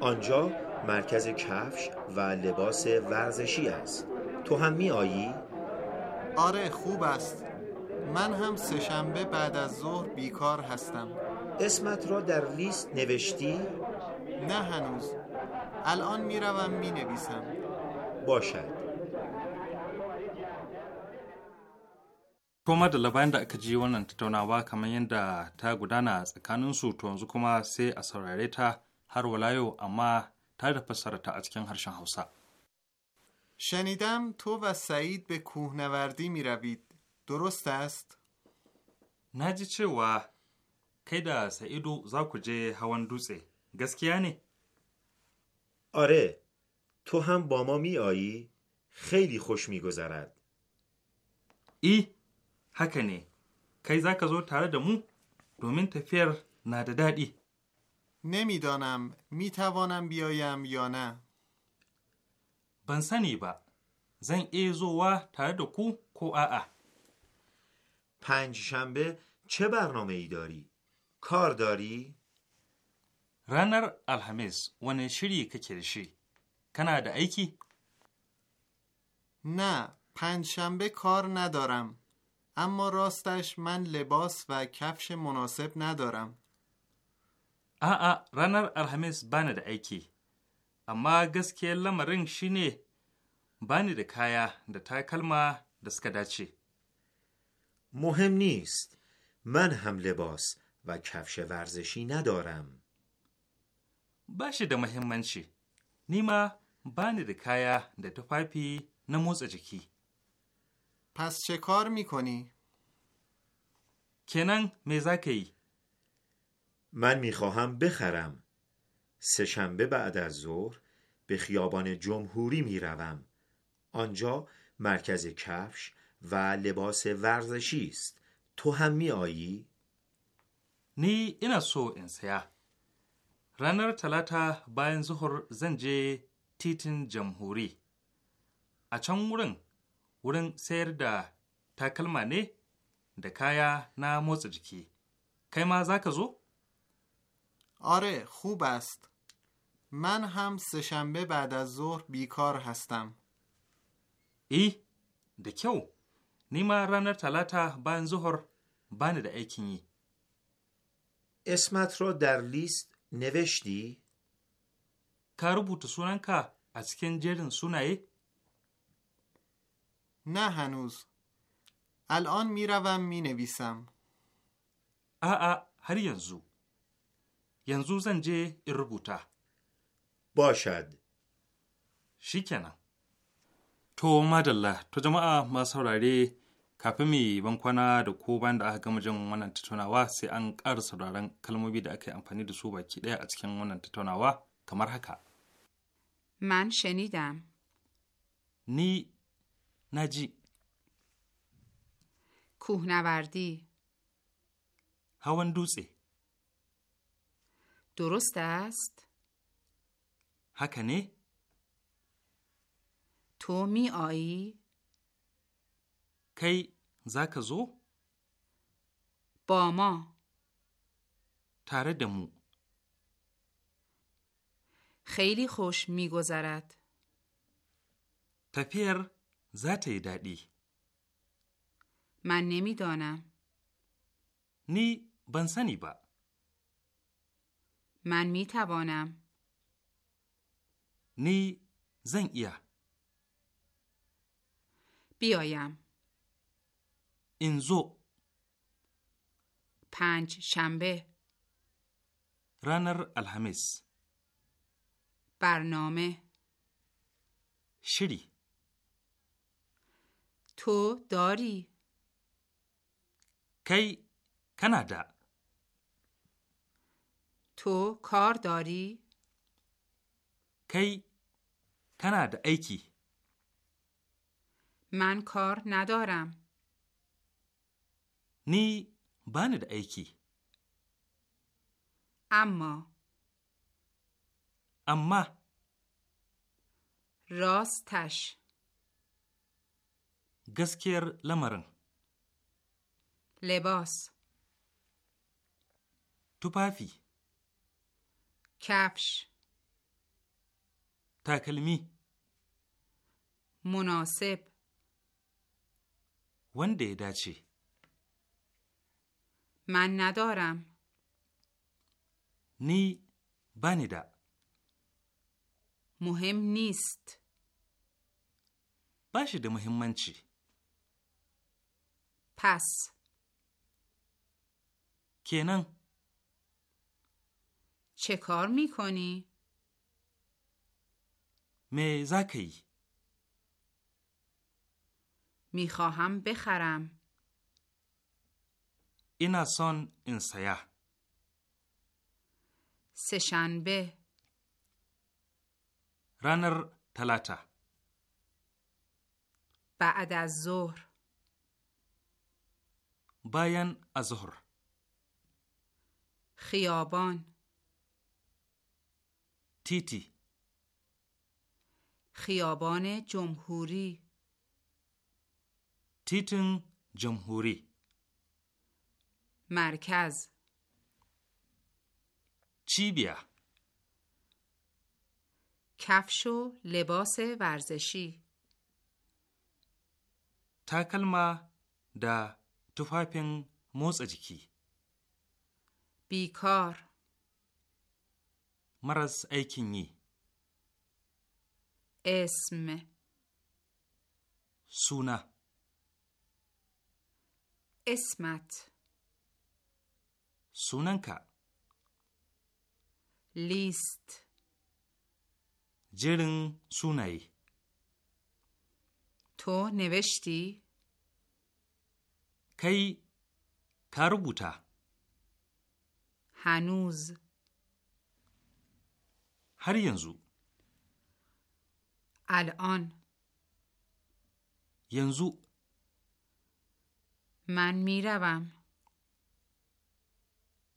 آنجا مرکز کفش و لباس ورزشی است تو هم میآیی؟ آره خوب است من هم سهشنبه بعد از ظهر بیکار هستم اسمت را در لیست نوشتی؟ نه هنوز الان میروم می نویسم باشد kuma da labarin da aka ji wannan tattaunawa kamar yadda ta gudana tsakaninsu to yanzu kuma sai a saurare ta har wala yau amma ta da fassara ta a cikin harshen Hausa. shanidam to و sa'id be kuhnawardi miravid درست است؟ ناجی چه و کی دا سعیدو زاکو جه هوان دوسه گسکیانه؟ آره تو هم با ما می آیی؟ خیلی خوش می گذرد ای حکنه کی زا زور تاره دمو دومین تفیر نمی نمیدانم می توانم بیایم یا نه بنسنی با زن ایزو و تاره دکو کو آه پنج شنبه چه برنامه ای داری؟ کار داری؟ رانر الهمیز نشری که کنه دا ایکی؟ نه پنج شنبه کار ندارم اما راستش من لباس و کفش مناسب ندارم آآ رانر الهمیز بانه دا ایکی اما لما رنگ شینه بانه دا کایا دا کلمه da suka چی؟ مهم نیست من هم لباس و کفش ورزشی ندارم باشه ده چی نیما بانی ده کایا ده پایپی نموز جکی پس چه کار میکنی؟ کنن مزاکی من میخواهم بخرم شنبه بعد از ظهر به خیابان جمهوری میروم آنجا مرکز کفش و لباس ورزشی است تو هم می آیی؟ نی اینا سو انسیا رنر رانر تلاتا باین زهر زنجه تیتن جمهوری اچان ورن ورن سیر دا تا نه da kaya na آره خوب است. من هم شنبه بعد از ظهر بیکار هستم. ای دکیو؟ نیما رانر تلاتا بان ظهر بانی دا اسمت را در لیست نوشتی؟ ka سونن که از کنجرن jerin sunaye? نه هنوز الان می روم می نویسم آ هر ینزو ینزو زنجه ای باشد شیکنم To madalla, to jama'a masu saurare kafin mu yi bankwana da ko bayan da aka gama jin wannan tattaunawa sai an ƙara sauraron kalmomi da aka yi amfani da su baki ɗaya a cikin wannan tattaunawa kamar haka. Man da. Ni na Kuhna کوهنوردی Hawan dutse. درست است؟ ne. تو می آیی؟ کی زک زو؟ با ما تردمو خیلی خوش میگذرد. تفیر زده دادی. من نمیدانم. نی بنسنی با. من می توانم. نی زن بیایم انزو پنج شنبه رانر الهمیس برنامه شری تو داری کی کانادا تو کار داری کی کانادا ایکی من کار ندارم. نی بانی ایکی. اما اما راستش گسکر لمرن لباس توپافی کفش تاکلمی مناسب wanda ya dace. من ندارم. نی بانیدا مهم نیست. باشی ده مهمنچی. پس. کنن. چه کار میکنی؟ می زکی. می خواهم بخرم. این سان این سیاه سشنبه رانر تلاته بعد از ظهر باین از ظهر خیابان تیتی خیابان جمهوری تیتن جمهوری مرکز چی کفش و لباس ورزشی تاکلما دا توفاپین موز بیکار مرز ایکینی اسم سونا اسمت سوننکا لیست جرن سونای. تو نوشتی؟ کی کاربوتا هنوز هر ینزو الان ینزو من میروم.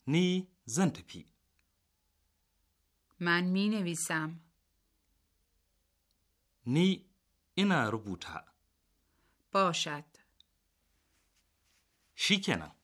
نی زن پی. من می نویسم. نی اینا بوتا. باشد. شیکنم.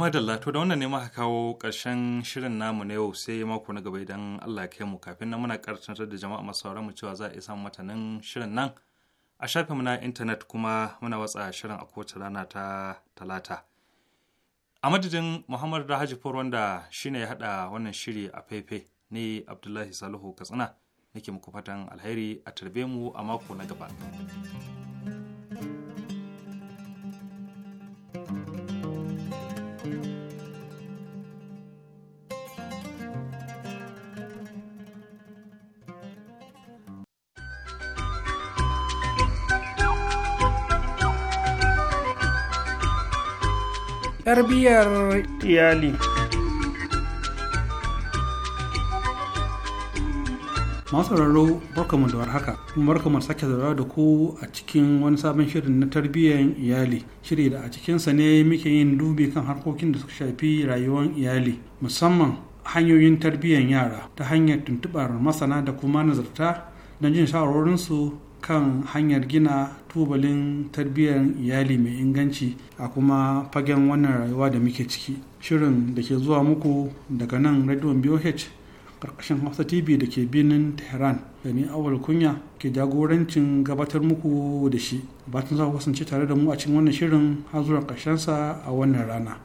madalla to da wannan ne muka kawo ƙarshen shirin namu na yau sai mako na gaba idan Allah ya kai mu kafin nan muna karantar da jama'a masu mu cewa za a isa matanin shirin nan a shafin mu na intanet kuma muna watsa shirin a kowace rana ta talata a madadin Muhammad RahajiFor wanda shine ya hada wannan shiri a faife ne Abdullahi Salihu Katsina nake muku fatan alheri a tarbe mu a mako na gaba. tarbiyyar iyali masu raro barkamu da warhaka kuma barkamu sake zaura da ku a cikin wani sabon shirin na tarbiyyar iyali shiri da a cikinsa ne muke yin dubi kan harkokin da suka shafi rayuwar iyali musamman hanyoyin tarbiyyar yara ta hanyar tuntubar masana da kuma nazarta don jin shawarorinsu kan hanyar gina tubalin tarbiyyar iyali mai inganci a kuma fagen wannan rayuwa da muke ciki shirin da ke zuwa muku daga nan radio boh karkashin hausa tv da ke birnin tehran da ni awal kunya ke jagorancin gabatar muku da shi batun za ku kasance tare da mu a cikin wannan shirin har zuwa sa a wannan rana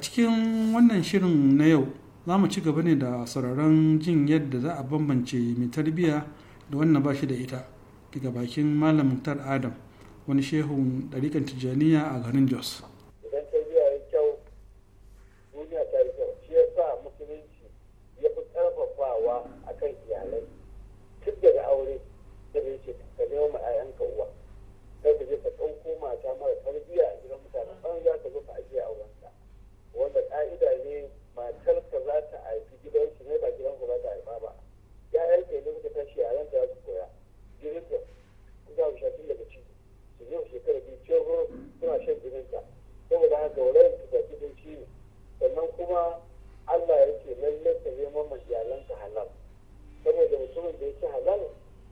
a cikin wannan shirin na yau za mu ci gaba ne da sauraron jin yadda za a bambance mai tarbiyya da wannan ba shi da ita daga bakin malam muktar adam wani shehun ɗarikan tijjaniya a garin jos shehuro suna shan jininta saboda haka walayin tufafi din shi ne sannan kuma allah ya ce lallai ka neman majiyalanka halal saboda mutumin da ya ci halal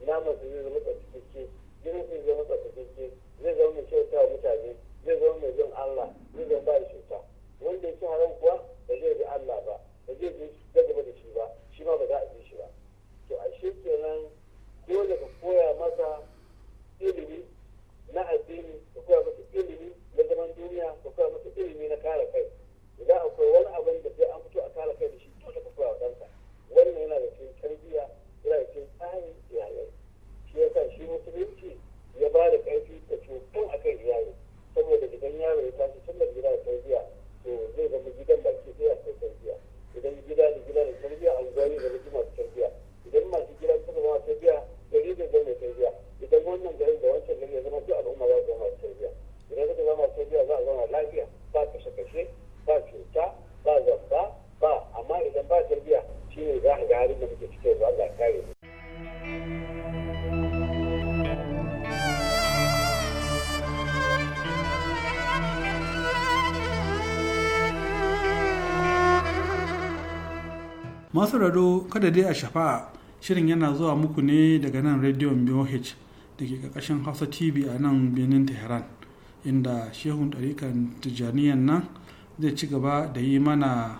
na su zai zama tsarkakakke jinin su zai zama tsarkakakke zai zama mai kyauta mutane zai zama mai jin allah zai zama ba cuta wanda ya ci halal kuwa ba zai bi allah ba ba zai bi gaba da shi ba shi ma ba za a bi shi ba to ashe kenan dole ka koya masa ilimi na addini ka koya masa ilimi na zaman duniya ka koya masa ilimi na kare kai idan akwai wani abin da sai an fito a kare kai da shi to ka koya wa ɗanka wannan yana da cikin tarbiyya yana da cikin tsarin iyalai shi ya sa shi musulunci ya ba da ƙarfi da cokal a kan iyali saboda idan yaro ya tashi tun da gida da tarbiyya to zai zama gidan baki ya kai tarbiyya idan gida da gida da tarbiyya an gwani da masu tarbiyya idan masu gida suka zama tarbiyya gari zai zama tarbiyya idan wannan garin da wancan gari ya zama duk al'umma za su zama tarbiyya idan suka zama tarbiyya za a zama lafiya ba kashe-kashe ba cuta ba zamba ba amma idan ba tarbiyya shine za a ga halin da muke cikin ga kare mu masu rado kada dai a shafa shirin yana zuwa muku ne daga nan rediyon BOH da ke ƙarƙashin hausa tv a nan birnin tehran inda shehun ɗarikan tijaniyan nan zai ci gaba da yi mana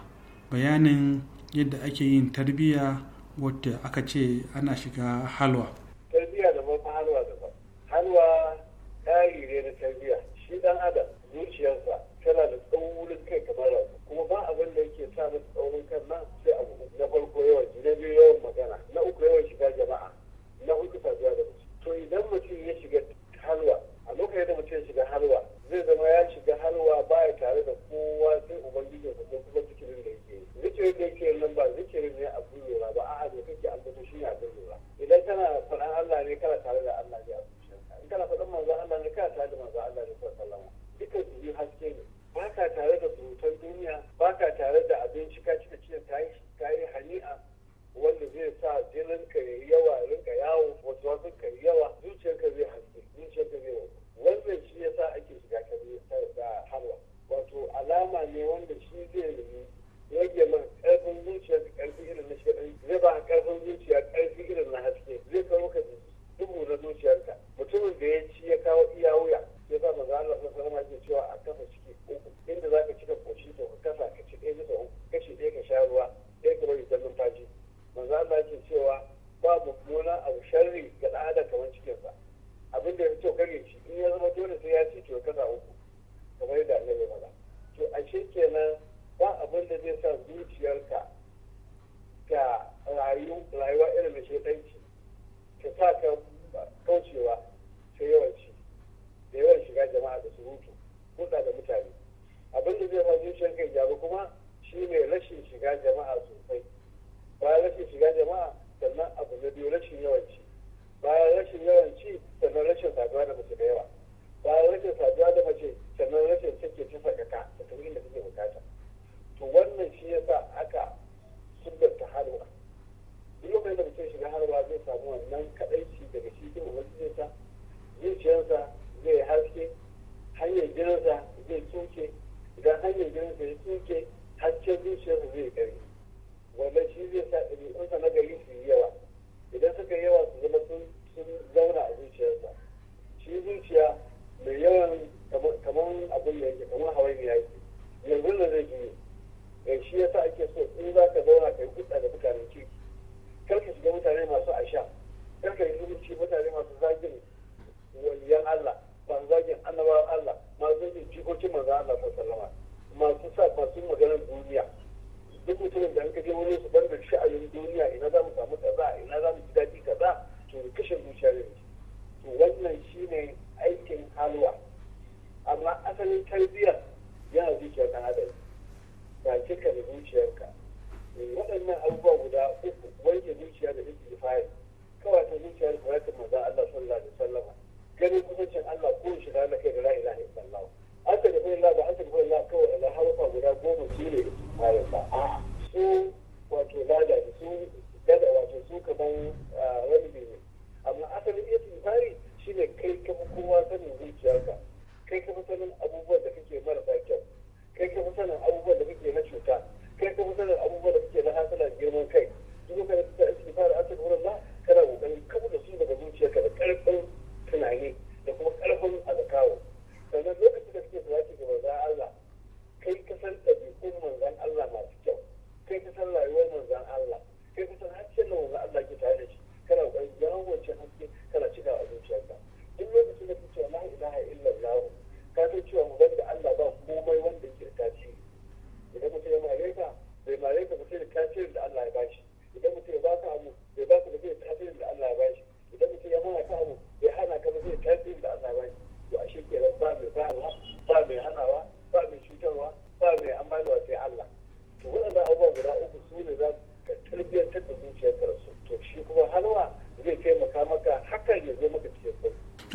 bayanin yadda ake yin tarbiyya wadda aka ce ana shiga halwa tarbiyya da babban halwa daban halwa yi ne na tarbiyya shi dan adam zuciyarsa tana da tsaurin kai kamar kuma ba abin da yake sa masa tsaurin kan nan mutum ya shiga halwa a lokacin da mutum ya shiga halwa zai zama ya ci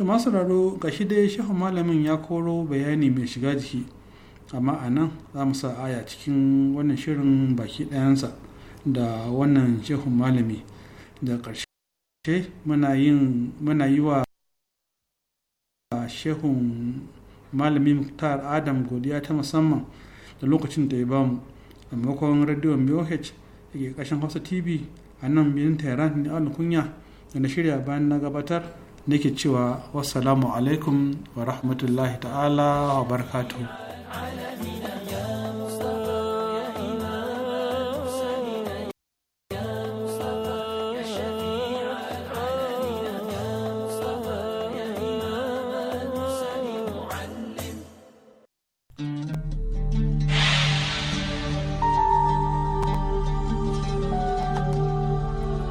to masu raro ga shi dai shehu malamin ya koro bayani mai shiga jiki amma a nan za mu sa aya cikin wannan shirin baki ɗayansa da wannan shehu malami da ƙarshe muna yi wa shehu malami muktar adam godiya ta musamman da lokacin da ya bamu a maimakon rediyon boh da ke ƙarshen hausa tv a nan birnin tehran ne kunya da na shirya bayan na gabatar nake cewa wasalamu alaikum wa rahmatullahi ta'ala wa barakatuhu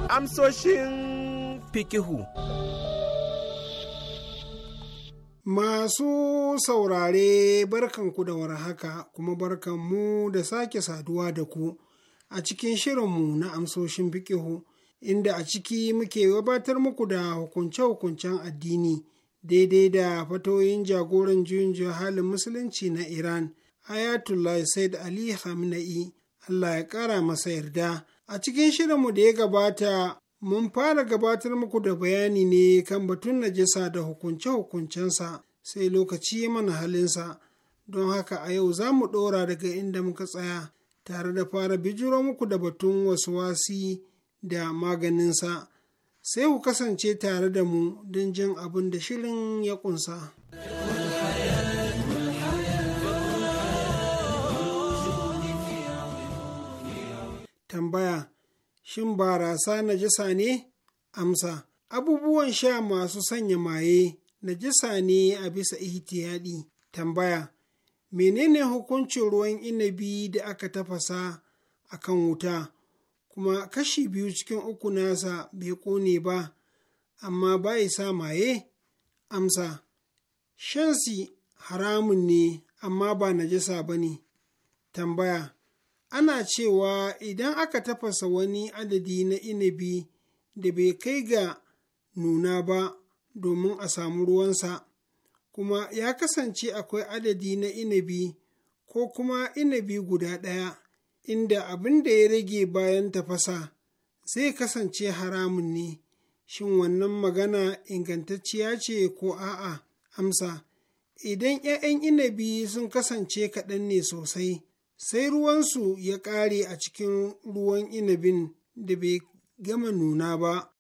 amsoshin pikihu. Masu saurare barkanku da warhaka kuma barkanmu da sake saduwa da ku a cikin shirinmu na amsoshin bikihu inda a ciki muke gabatar muku da hukunce-hukuncen addini daidai da fatoyin jagoran juyin halin musulunci na Iran Ayatollah Said Ali Khamenei Allah ya ƙara masa yarda. A cikin shirinmu da ya gabata mun fara gabatar muku da bayani ne kan batun najasa da hukunce-hukuncensa sai lokaci mana halinsa don haka a yau za mu ɗora daga inda muka tsaya tare da fara bijiro muku da batun wasu wasi da maganinsa sai ku kasance tare da mu don jin abin da shirin ya kunsa. Tambaya Shin barasa najasa ne? Amsa, abubuwan sha masu sanya maye najasa ne a bisa ihtiyadi. Tambaya, menene hukuncin ruwan inabi da aka tafasa a kan wuta, kuma kashi biyu cikin uku nasa bai ƙone ba, amma ba sa maye? Amsa, shansi haramun ne, amma ba najasa ba ne. Tambaya, ana cewa idan aka tafasa wani adadi na inabi da bai kai ga nuna ba domin a samu ruwansa kuma ya kasance akwai adadi na inabi ko kuma inabi guda ɗaya inda abin da ya rage bayan tafasa zai kasance haramun ne shin wannan magana ingantacciya ce ko a'a amsa idan 'ya'yan inabi sun kasance kaɗan ne sosai sai ruwansu ya ƙare a cikin ruwan inabin da bai gama nuna ba,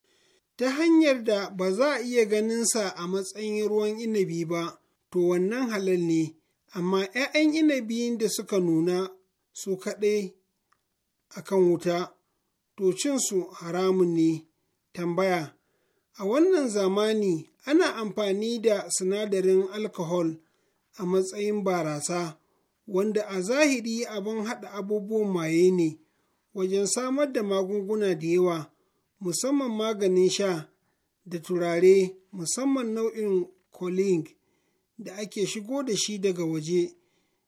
ta hanyar da ba za a iya ganinsa a matsayin ruwan inabi ba, to wannan halal ne, amma ‘ya'yan inabi da suka nuna su kaɗai a kan wuta, to cinsu haramun ne, tambaya. A wannan zamani ana amfani da sinadarin alkahol a matsayin barasa. wanda a zahiri abin haɗa abubuwan maye ne wajen samar da magunguna da yawa musamman maganin sha da turare musamman nau'in coling da ake shigo da shi daga waje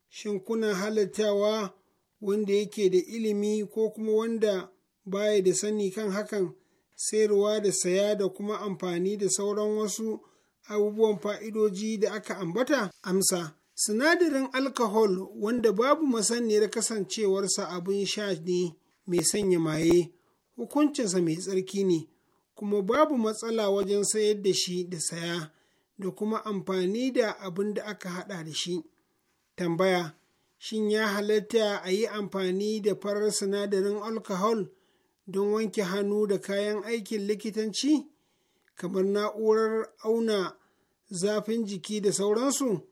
shin kuna halattawa wanda yake da ilimi ko kuma wanda baya da sani kan hakan sayarwa da saya da kuma amfani da sauran wasu abubuwan fa'idoji da aka ambata amsa Sinadarin alkahol wanda babu masaniyar kasancewarsa abin sha ne mai sanya maye, hukuncinsa mai tsarki ne, kuma babu matsala wajen sayar da shi da saya da kuma amfani da abin da aka haɗa da shi. Tambaya, shin ya halatta a yi amfani da farar sinadarin alkahol don wanke hannu da kayan aikin likitanci, kamar na'urar auna zafin jiki da sauransu?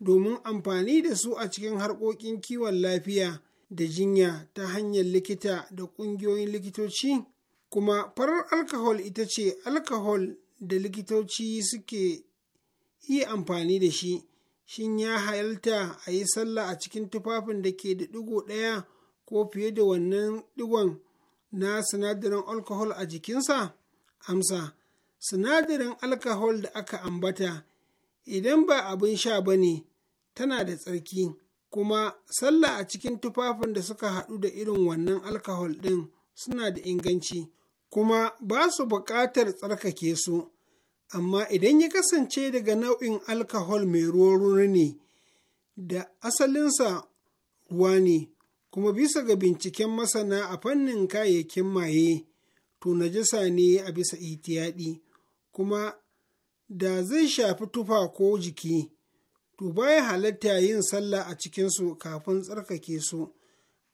domin amfani da su a cikin harkokin kiwon lafiya da jinya ta hanyar likita da ƙungiyoyin likitoci kuma farar alkahol ita ce alkahol da likitoci suke yi amfani da shi shin ya halarta a yi sallah a cikin tufafin da ke da digo ɗaya ko fiye da wannan digon na sinadarin alkahol a jikinsa amsa sinadarin alkahol da aka ambata idan ba abin sha ba ne tana da tsarki kuma sallah a cikin tufafin da suka haɗu da irin wannan alkahol ɗin suna da inganci kuma ba su buƙatar tsarkake su amma idan ya kasance daga nau'in alkahol mai ruwa ne da asalinsa ruwa ne kuma bisa ga binciken masana a fannin kayayyakin maye to jisa ne a bisa itiyaɗi kuma da zai shafi tufa ko jiki to ya halatta yin sallah a cikinsu kafin tsarkake su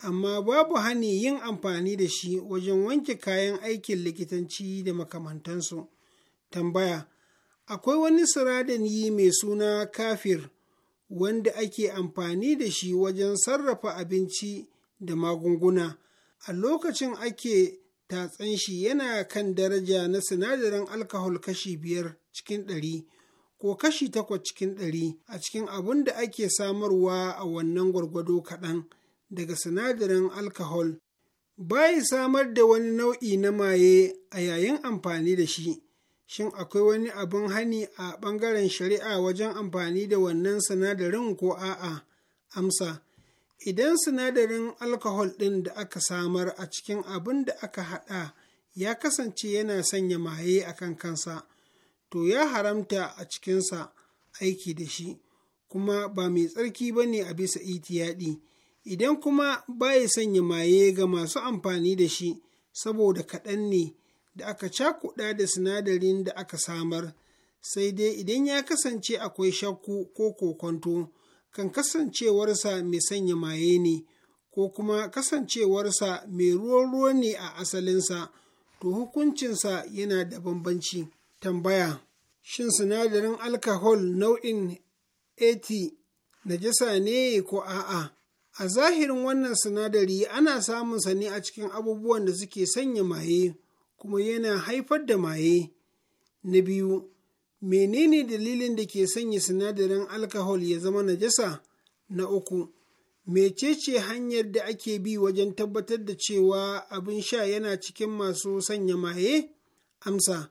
amma babu hani yin amfani da shi wajen wanke kayan aikin likitanci da makamantansu tambaya akwai wani siradin yi mai suna kafir wanda ake amfani da shi wajen sarrafa abinci da magunguna a lokacin ake tatsan shi yana kan daraja na sinadarin alkahol kashi biyar cikin ɗari ko kashi takwas cikin ɗari a cikin abin da ake samarwa a wannan gwargwado kaɗan daga sinadarin alkahol bayi samar da wani nau'i na maye a yayin amfani da shi shin akwai wani abin hani a ɓangaren shari'a wajen amfani da wannan sinadarin ko a'a amsa idan sinadarin alkahol ɗin da aka samar a cikin abin da aka haɗa ya kasance yana sanya maye a kan kansa to ya haramta a cikinsa aiki da shi kuma ba mai tsarki ba ne a bisa itiyaɗi idan kuma baya sanya maye ga masu amfani da shi saboda kaɗan ne da aka cakuɗa da sinadarin da aka samar sai dai idan ya kasance akwai shakku ko kokonto kan kasancewarsa mai sanya maye ne ko kuma kasancewarsa mai ruwan ruwa ne a asalinsa to hukuncinsa yana da bambanci tambaya shin sinadarin alkahol nau'in 80 najasa ne ko a'a a zahirin wannan sinadari ana samun sa ne a cikin abubuwan da suke sanya maye kuma yana haifar da maye na biyu menene dalilin da ke sanya sinadarin alkahol ya zama najasa na uku mecece hanyar da ake bi wajen tabbatar da cewa abin sha yana cikin masu sanya maye amsa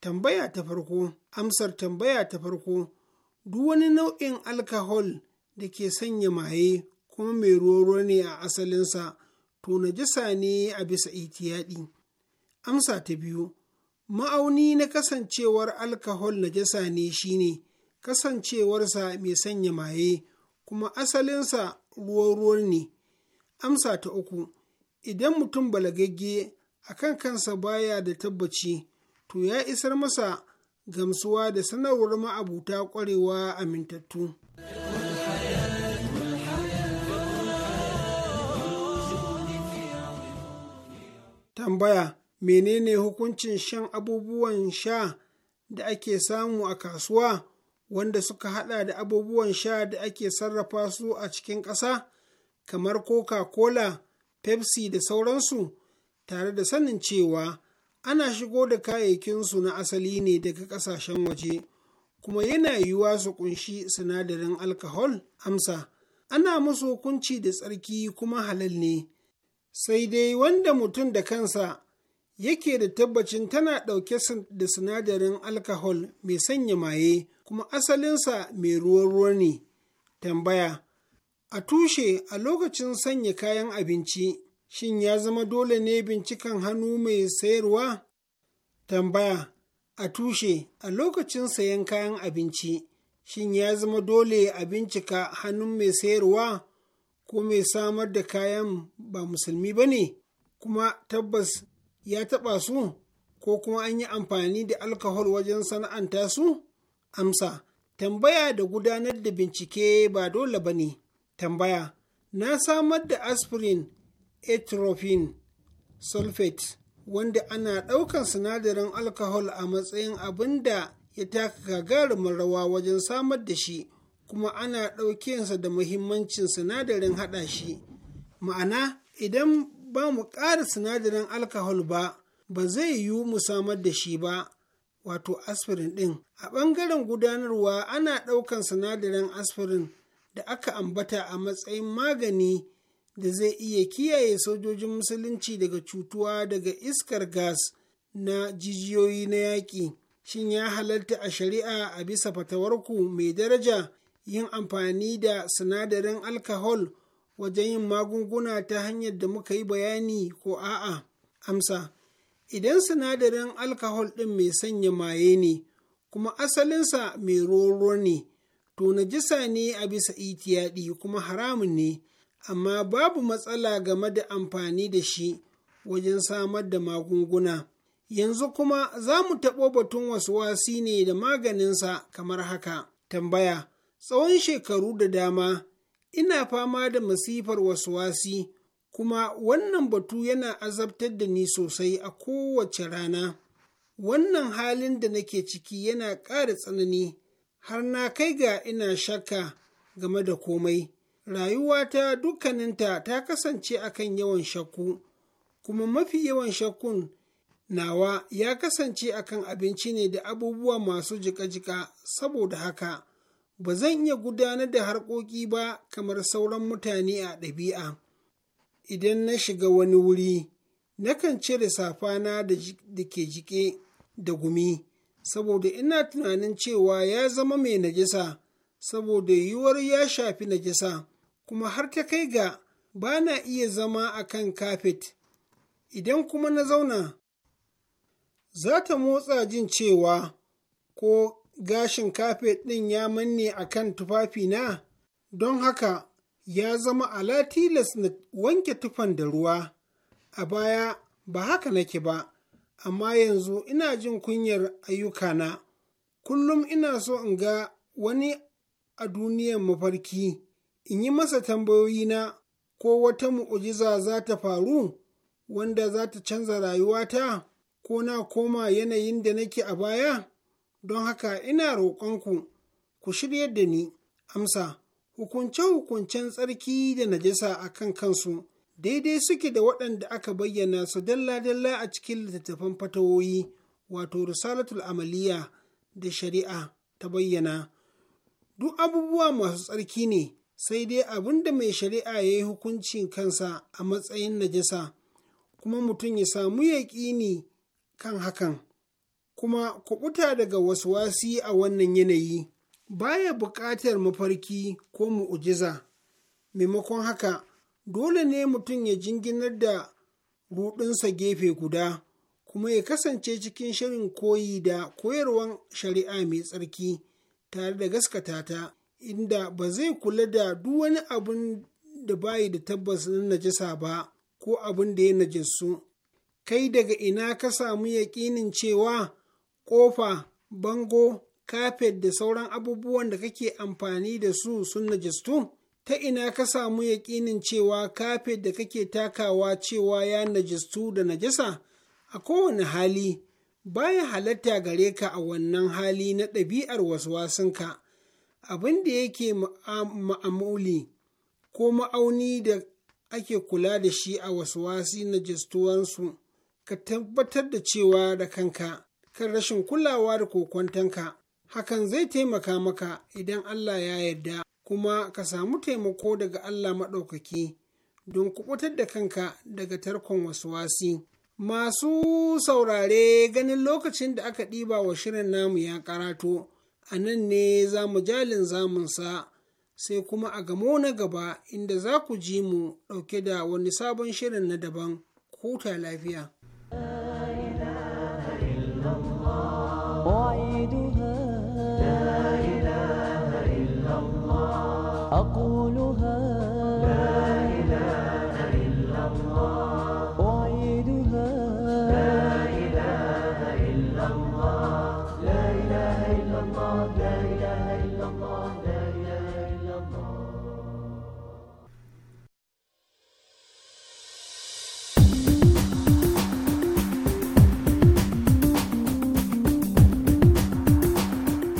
tambaya ta farko amsar tambaya ta farko duk wani nau'in alkahol da ke sanya maye kuma mai roro ne a asalinsa to na jisa ne a bisa itiyaɗi amsa ta biyu ma'auni na kasancewar alkahol na jisa ne shine kasancewarsa mai sanya maye kuma asalinsa ruwa ne amsa ta uku idan mutum balagagge akan kan kansa baya da tabbaci to ya isar masa gamsuwa da sanarwar ma'abuta ƙwarewa mintattu. Tambaya menene hukuncin shan abubuwan sha da ake samu a kasuwa wanda suka hada da abubuwan sha da ake sarrafa su a cikin ƙasa kamar coca-cola pepsi da sauransu tare da sanin cewa ana shigo da kayayyakinsu na asali ne daga ƙasashen waje kuma yana yiwuwa su kunshi sinadarin alkahol amsa ana musu hukunci da tsarki kuma halal ne sai dai wanda mutum da kansa yake da tabbacin tana ɗauke da sinadarin alkahol mai sanya maye kuma asalinsa mai ruwan ruwa ne tambaya a tushe a lokacin sanya kayan abinci shin ya zama dole ne binciken hannu mai sayarwa? Tambaya, a tushe, a lokacin sayan kayan abinci, shin ya zama dole a bincika hannu mai sayarwa ko mai samar da kayan ba musulmi ba ne, kuma tabbas ya taɓa su ko kuma an yi amfani da alkahol wajen sana'anta su? Amsa, tambaya da gudanar da bincike ba dole ba ne. Tambaya, na samar da aspirin atropine sulfate wanda ana ɗaukar sinadarin alkahol a matsayin abin da ya taka gagarumin rawa wajen samar da shi kuma ana ɗaukensa da muhimmancin sinadarin haɗa shi ma'ana idan ba mu ƙara sinadarin alkahol ba ba zai yiwu mu samar da shi ba wato aspirin ɗin a ɓangaren gudanarwa ana ɗaukan sinadarin aspirin da aka ambata a matsayin magani da zai iya kiyaye sojojin musulunci daga cutuwa daga iskar gas na jijiyoyi na yaƙi shin ya halarta a shari'a a bisa fatawarku mai daraja yin amfani da sinadarin alkahol wajen yin magunguna ta hanyar da muka yi bayani ko a'a amsa idan sinadarin alkahol ɗin mai sanya maye ne kuma asalinsa mai roro ne to najisa ne a bisa itiyaɗi kuma haramun ne amma babu matsala game da amfani da shi wajen samar da magunguna. Yanzu kuma za mu taɓo batun wasu wasi ne da maganinsa kamar haka. Tambaya, tsawon shekaru da dama, ina fama da masifar wasu wasi, kuma wannan batu yana azabtar da ni sosai a kowace rana. Wannan halin da nake ciki yana ƙara tsanani, har na kai ga ina shakka game da komai. rayuwata dukkaninta ta kasance akan yawan shakku kuma mafi yawan shakkun nawa ya kasance akan abinci ne da abubuwa masu jika-jika saboda haka ba zan iya gudanar da harkoki ba kamar sauran mutane a ɗabi'a idan na shiga wani wuri nakan cire safana da ke jike da gumi saboda ina tunanin cewa ya zama mai najisa saboda yiwuwar ya shafi najisa kuma har ta kai ga ba na iya zama a kan kafet, idan kuma na zauna, za ta motsa jin cewa ko gashin kafet ɗin ya manne a kan tufafina, don haka ya zama ala tilas na wanke tufan da ruwa. A baya ba haka nake ba, amma yanzu ina jin kunyar ayyukana, kullum ina so in ga wani a duniyan mafarki. in yi masa tambayoyi na ko wata mu'ujiza za ta faru wanda za ta canza rayuwata ko na koma yanayin da nake a baya don haka ina roƙonku ku shirya da ni amsa hukunce-hukuncen tsarki da najasa a kan kansu daidai suke da waɗanda aka bayyana su dalla-dalla a cikin littattafan fatawoyi wato risalatul amaliya da shari'a ta bayyana duk abubuwa masu tsarki ne sai dai abin da mai shari'a ya yi hukuncin kansa a matsayin najasa kuma mutum ya samu yaƙini kan hakan kuma kuɓuta daga wasu wasi a wannan yanayi baya buƙatar mafarki ko mu'ujiza maimakon haka dole ne mutum ya jinginar da ruɗinsa gefe guda kuma ya kasance cikin shirin koyi da koyarwan shari'a mai tsarki tare da gaskata ta inda ba zai kula da duk wani abin da bayi da tabbas na najasa ba ko abin da ya najasu kai daga ina ka samu yaƙinin cewa ƙofa bango kafet da sauran abubuwan da kake amfani da su sun najastu ta ina ka samu yaƙinin cewa kafet da kake takawa cewa ya najistu da najasa a kowane hali baya halatta gare ka a wannan hali na ɗabi'ar wasu waswasinka abin da yake ma'amuli ko ma'auni da ake kula da shi a wasu wasi na jistuwansu ka tabbatar da cewa da kanka kan rashin kulawa da kokwantanka hakan zai taimaka maka idan Allah ya yarda kuma ka samu taimako daga Allah maɗaukaki don kubutar da kanka daga tarkon wasu wasi. Masu saurare ganin lokacin da aka ɗiba wa shirin namu ya karato. a nan ne za mu jalin zamunsa sai kuma a gamo na gaba inda za ku ji mu ɗauke da wani sabon shirin na daban huta lafiya.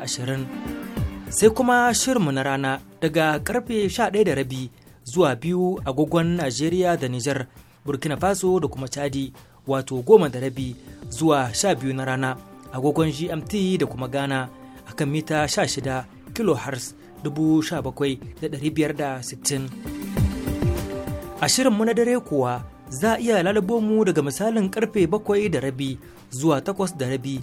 ashirin sai kuma shirmu na rana daga karfe 11:00 zuwa biyu agogon Najeriya da Nijar Burkina Faso da kuma Chadi wato goma da rabi zuwa sha biyu na rana agogon GMT da kuma Ghana a kan mita 16 kHz 17,560 a shirinmu na dare kuwa za a iya lalabo mu daga misalin karfe bakwai da rabi zuwa takwas da rabi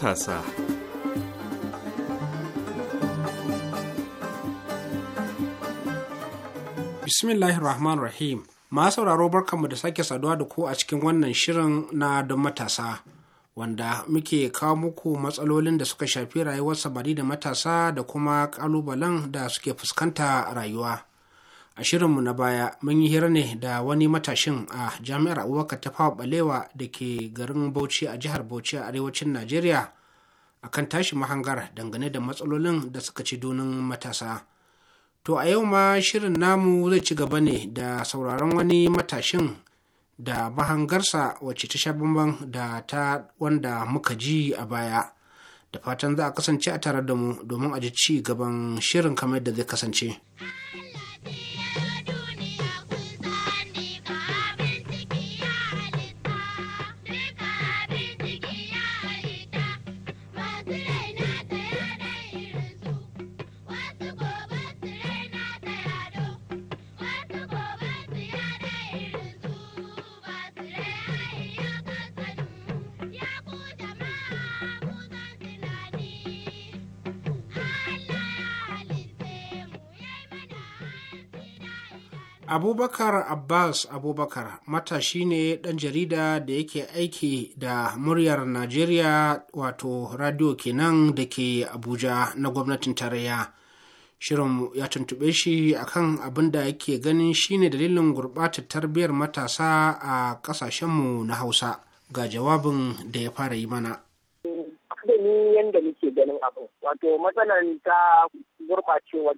matasa. Bismillahir Rahim. Ma sauraro barkanmu da sake saduwa da ku a cikin wannan shirin na don matasa. Wanda muke kawo muku matsalolin da suka shafi rayuwar sabari da matasa da kuma ƙalubalen da suke fuskanta rayuwa. a shirinmu na baya mun yi hira ne da wani matashin a jami'ar abubakar ta fawa balewa da ke garin bauchi a jihar bauchi a arewacin najeriya a kan tashi mahangar dangane da matsalolin da suka ci donin matasa to a yau ma shirin namu zai ci gaba ne da sauraron wani matashin da mahangarsa wacce ta sha bambam da ta wanda muka ji a baya da fatan za a kasance a tare da mu domin a ji ci gaban shirin kamar da zai kasance. abubakar abbas abubakar matashi ne dan jarida da yake aiki da muryar najeriya wato radio kenan da ke abuja na gwamnatin tarayya shirin ya tuntube shi akan abin da yake ganin shine dalilin gurɓata tarbiyyar matasa a ƙasashenmu na hausa ga jawabin da ya fara yi mana ni yadda nake ganin wato matsalar ta gurɓacewar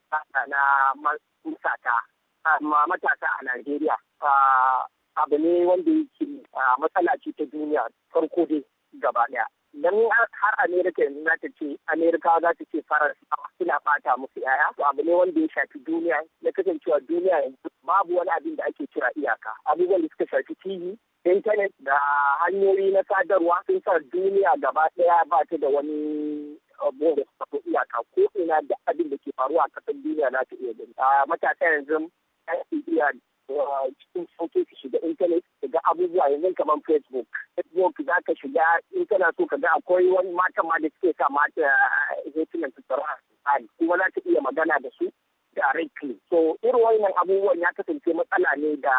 na matata a matasa a Najeriya abu ne wanda yake matsala ce ta duniya farko dai gaba daya. Idan har Amerika yanzu za ta ce Amerika za ta ce Faransa suna bata musu yaya to abu ne wanda ya shafi duniya na kasancewa duniya yanzu babu wani abin da ake kira iyaka abubuwan da suka shafi TV intanet da hanyoyi na sadarwa sun sa duniya gaba ɗaya ba ta da wani abu uh, da iyaka ko ina da abin da ke faruwa a kasar duniya na ta iya gani. matasa yanzu ake iya cikin sauƙi ka shiga intanet ka ga abubuwa yanzu kamar facebook facebook za ka shiga in kana so ka ga akwai wani mata ma da suke sa mata eh, hotunan su tsara kuma za ka iya magana da su directly so irin wannan abubuwan ya kasance matsala ne da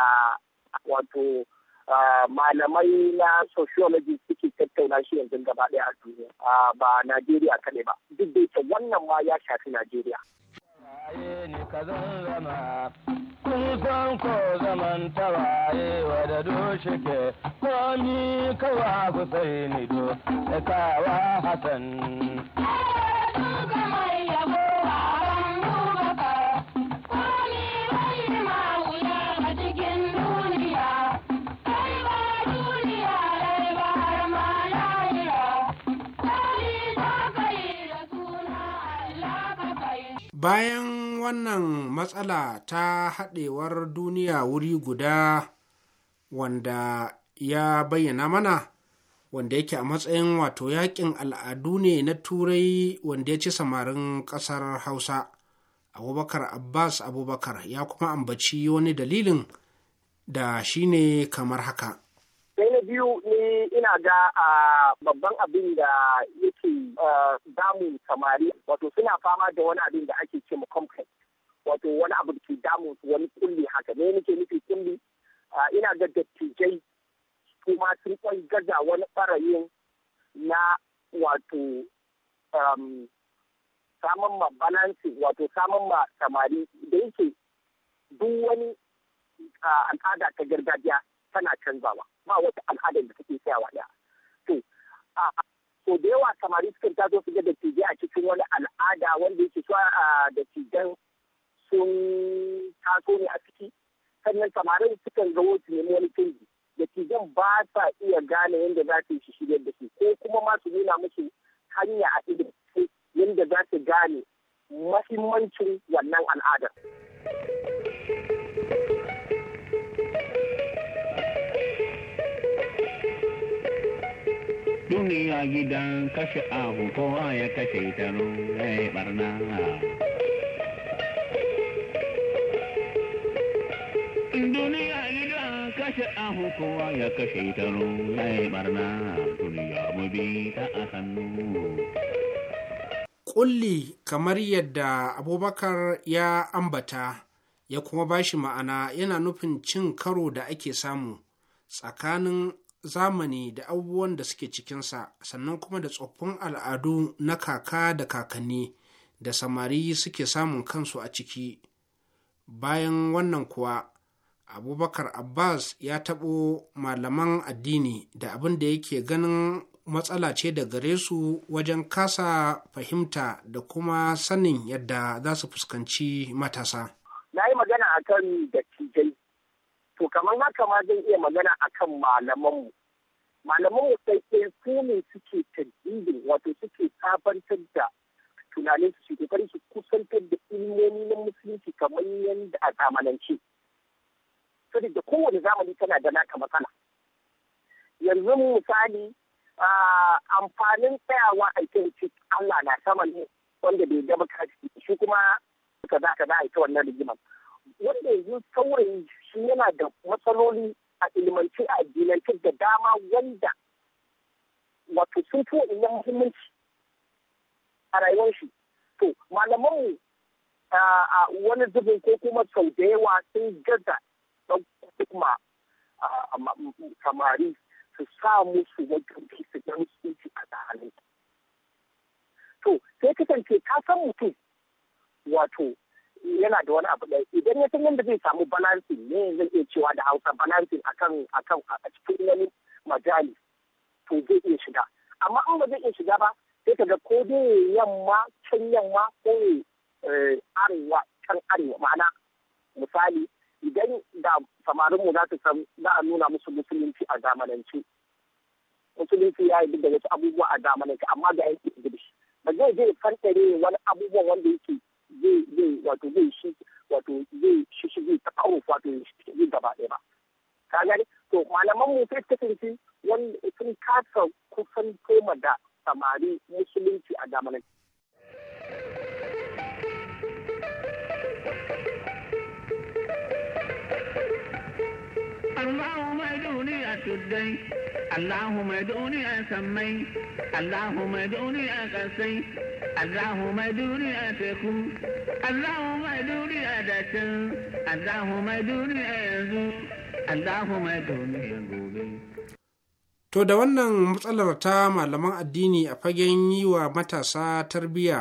wato eh, malamai na sociology suke tattauna shi yanzu gaba ɗaya a duniya ba Najeriya kaɗai ba duk da wannan ma ya shafi Najeriya. nisan ko zaman tawaye wada doshi ke komi kawa ni do da kawa Hassan. bayan wannan matsala ta haɗewar duniya wuri guda wanda ya bayyana mana wanda yake a matsayin wato yakin al'adu ne na turai wanda ya ci samarin ƙasar hausa abubakar abbas abubakar ya kuma ambaci wani dalilin da shine kamar haka biyu ni ina ga a babban abin da yake damun samari wato suna fama da wani abin da ake ce complex wato wani abu da ke damun wani kulli haka ne nake nufi kulli ina ga dattijai kuma sun kwan gaza wani ɓarayin na wato samun ma balansi wato samun ma samari da yake duk wani al'ada ta gargajiya tana canzawa ba wata al'adar da take tsayawa ɗaya to a so da yawa samari sukan taso su ga da a cikin wani al'ada wanda yake so da tijan sun taso ne a ciki sannan samarin sukan ga su nemi wani canji da tijan ba sa iya gane yadda za su yi shigar da su ko kuma ma su nuna musu hanya a ido yadda za su gane mahimmancin wannan al'adar. duniya gidan kashe abu kowa ya kashe ta ya barna duniya gidan kashe abu kowa ya kashe ta ya barna duniya mu bi ta a hannu kulli kamar yadda abubakar ya ambata ya kuma bashi ma'ana yana nufin cin karo da ake samu tsakanin zamani da abubuwan da suke cikinsa sannan kuma da tsoffin al'adu na kaka da kakanni da samari suke samun kansu a ciki bayan wannan kuwa abubakar abbas ya taɓo malaman addini da abin da yake ganin matsala ce da gare su wajen kasa fahimta da kuma sanin yadda za su fuskanci matasa na yi magana a akan dattijai To kamar haka ma zan iya magana a kan malamanmu. Malamanmu sai ɗaya su ne suke tajibin wato suke sabantar da tunanin su su su kusantar da ilmomi na musulunci kamar yadda a zamanance. da kowane zamani tana da naka matsala. Yanzu misali amfanin tsayawa a kan Allah na sama ne wanda bai gaba kashi shi kuma ka za a ta wannan rigimar. wanda yanzu saurayi shi yana da matsaloli a ilimance a addinance da dama wanda wato sun fi wa'in muhimmanci a rayuwar shi to malaman a wani zubin ko kuma sau da yawa sun gaza kuma samari su sa musu wajen su gan su ci a tsarin to sai kasance ka san mutum wato yana da wani abu ɗaya idan ya san yadda zai samu balancing ne zai iya cewa da hausa balancing akan akan a cikin wani majali to zai iya shiga amma an ba zai iya shiga ba sai ka ga ko dai yamma can yamma ko eh, arewa can arewa ma'ana misali idan da mu za su san za a nuna musu musulunci a zamanance musulunci ya yi duk da wasu abubuwa a zamanance amma ga yanki ba zai je fantare wani abubuwan wanda yake zai zai wato zai shi wato zai shi shi zai takawo wato shi gaba ɗaya ba ka gani to malaman mu sai kasance wani sun kasa kusan koma da samari musulunci a zamanin Allahumma duniya tuddai اللهم ادعوني أسمي اللهم ادعوني أقصي اللهم ادعوني أتكو اللهم ادعوني أدتن اللهم ادعوني أيزو اللهم ادعوني gobe. To da wannan matsalar ta malaman addini a fagen yi wa matasa tarbiyya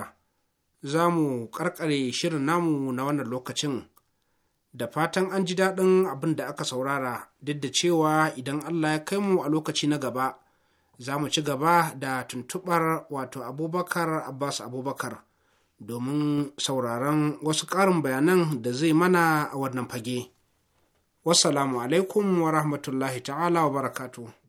za mu karkare shirin namu na wannan lokacin. da fatan an ji daɗin abin da aka saurara duk da cewa idan allah ya kai mu a lokaci na gaba za mu ci gaba da tuntuɓar wato abubakar abbas abubakar domin sauraron wasu ƙarin bayanan da zai mana a wannan fage wasalamu alaikum wa rahmatullahi ta'ala wa barakatuh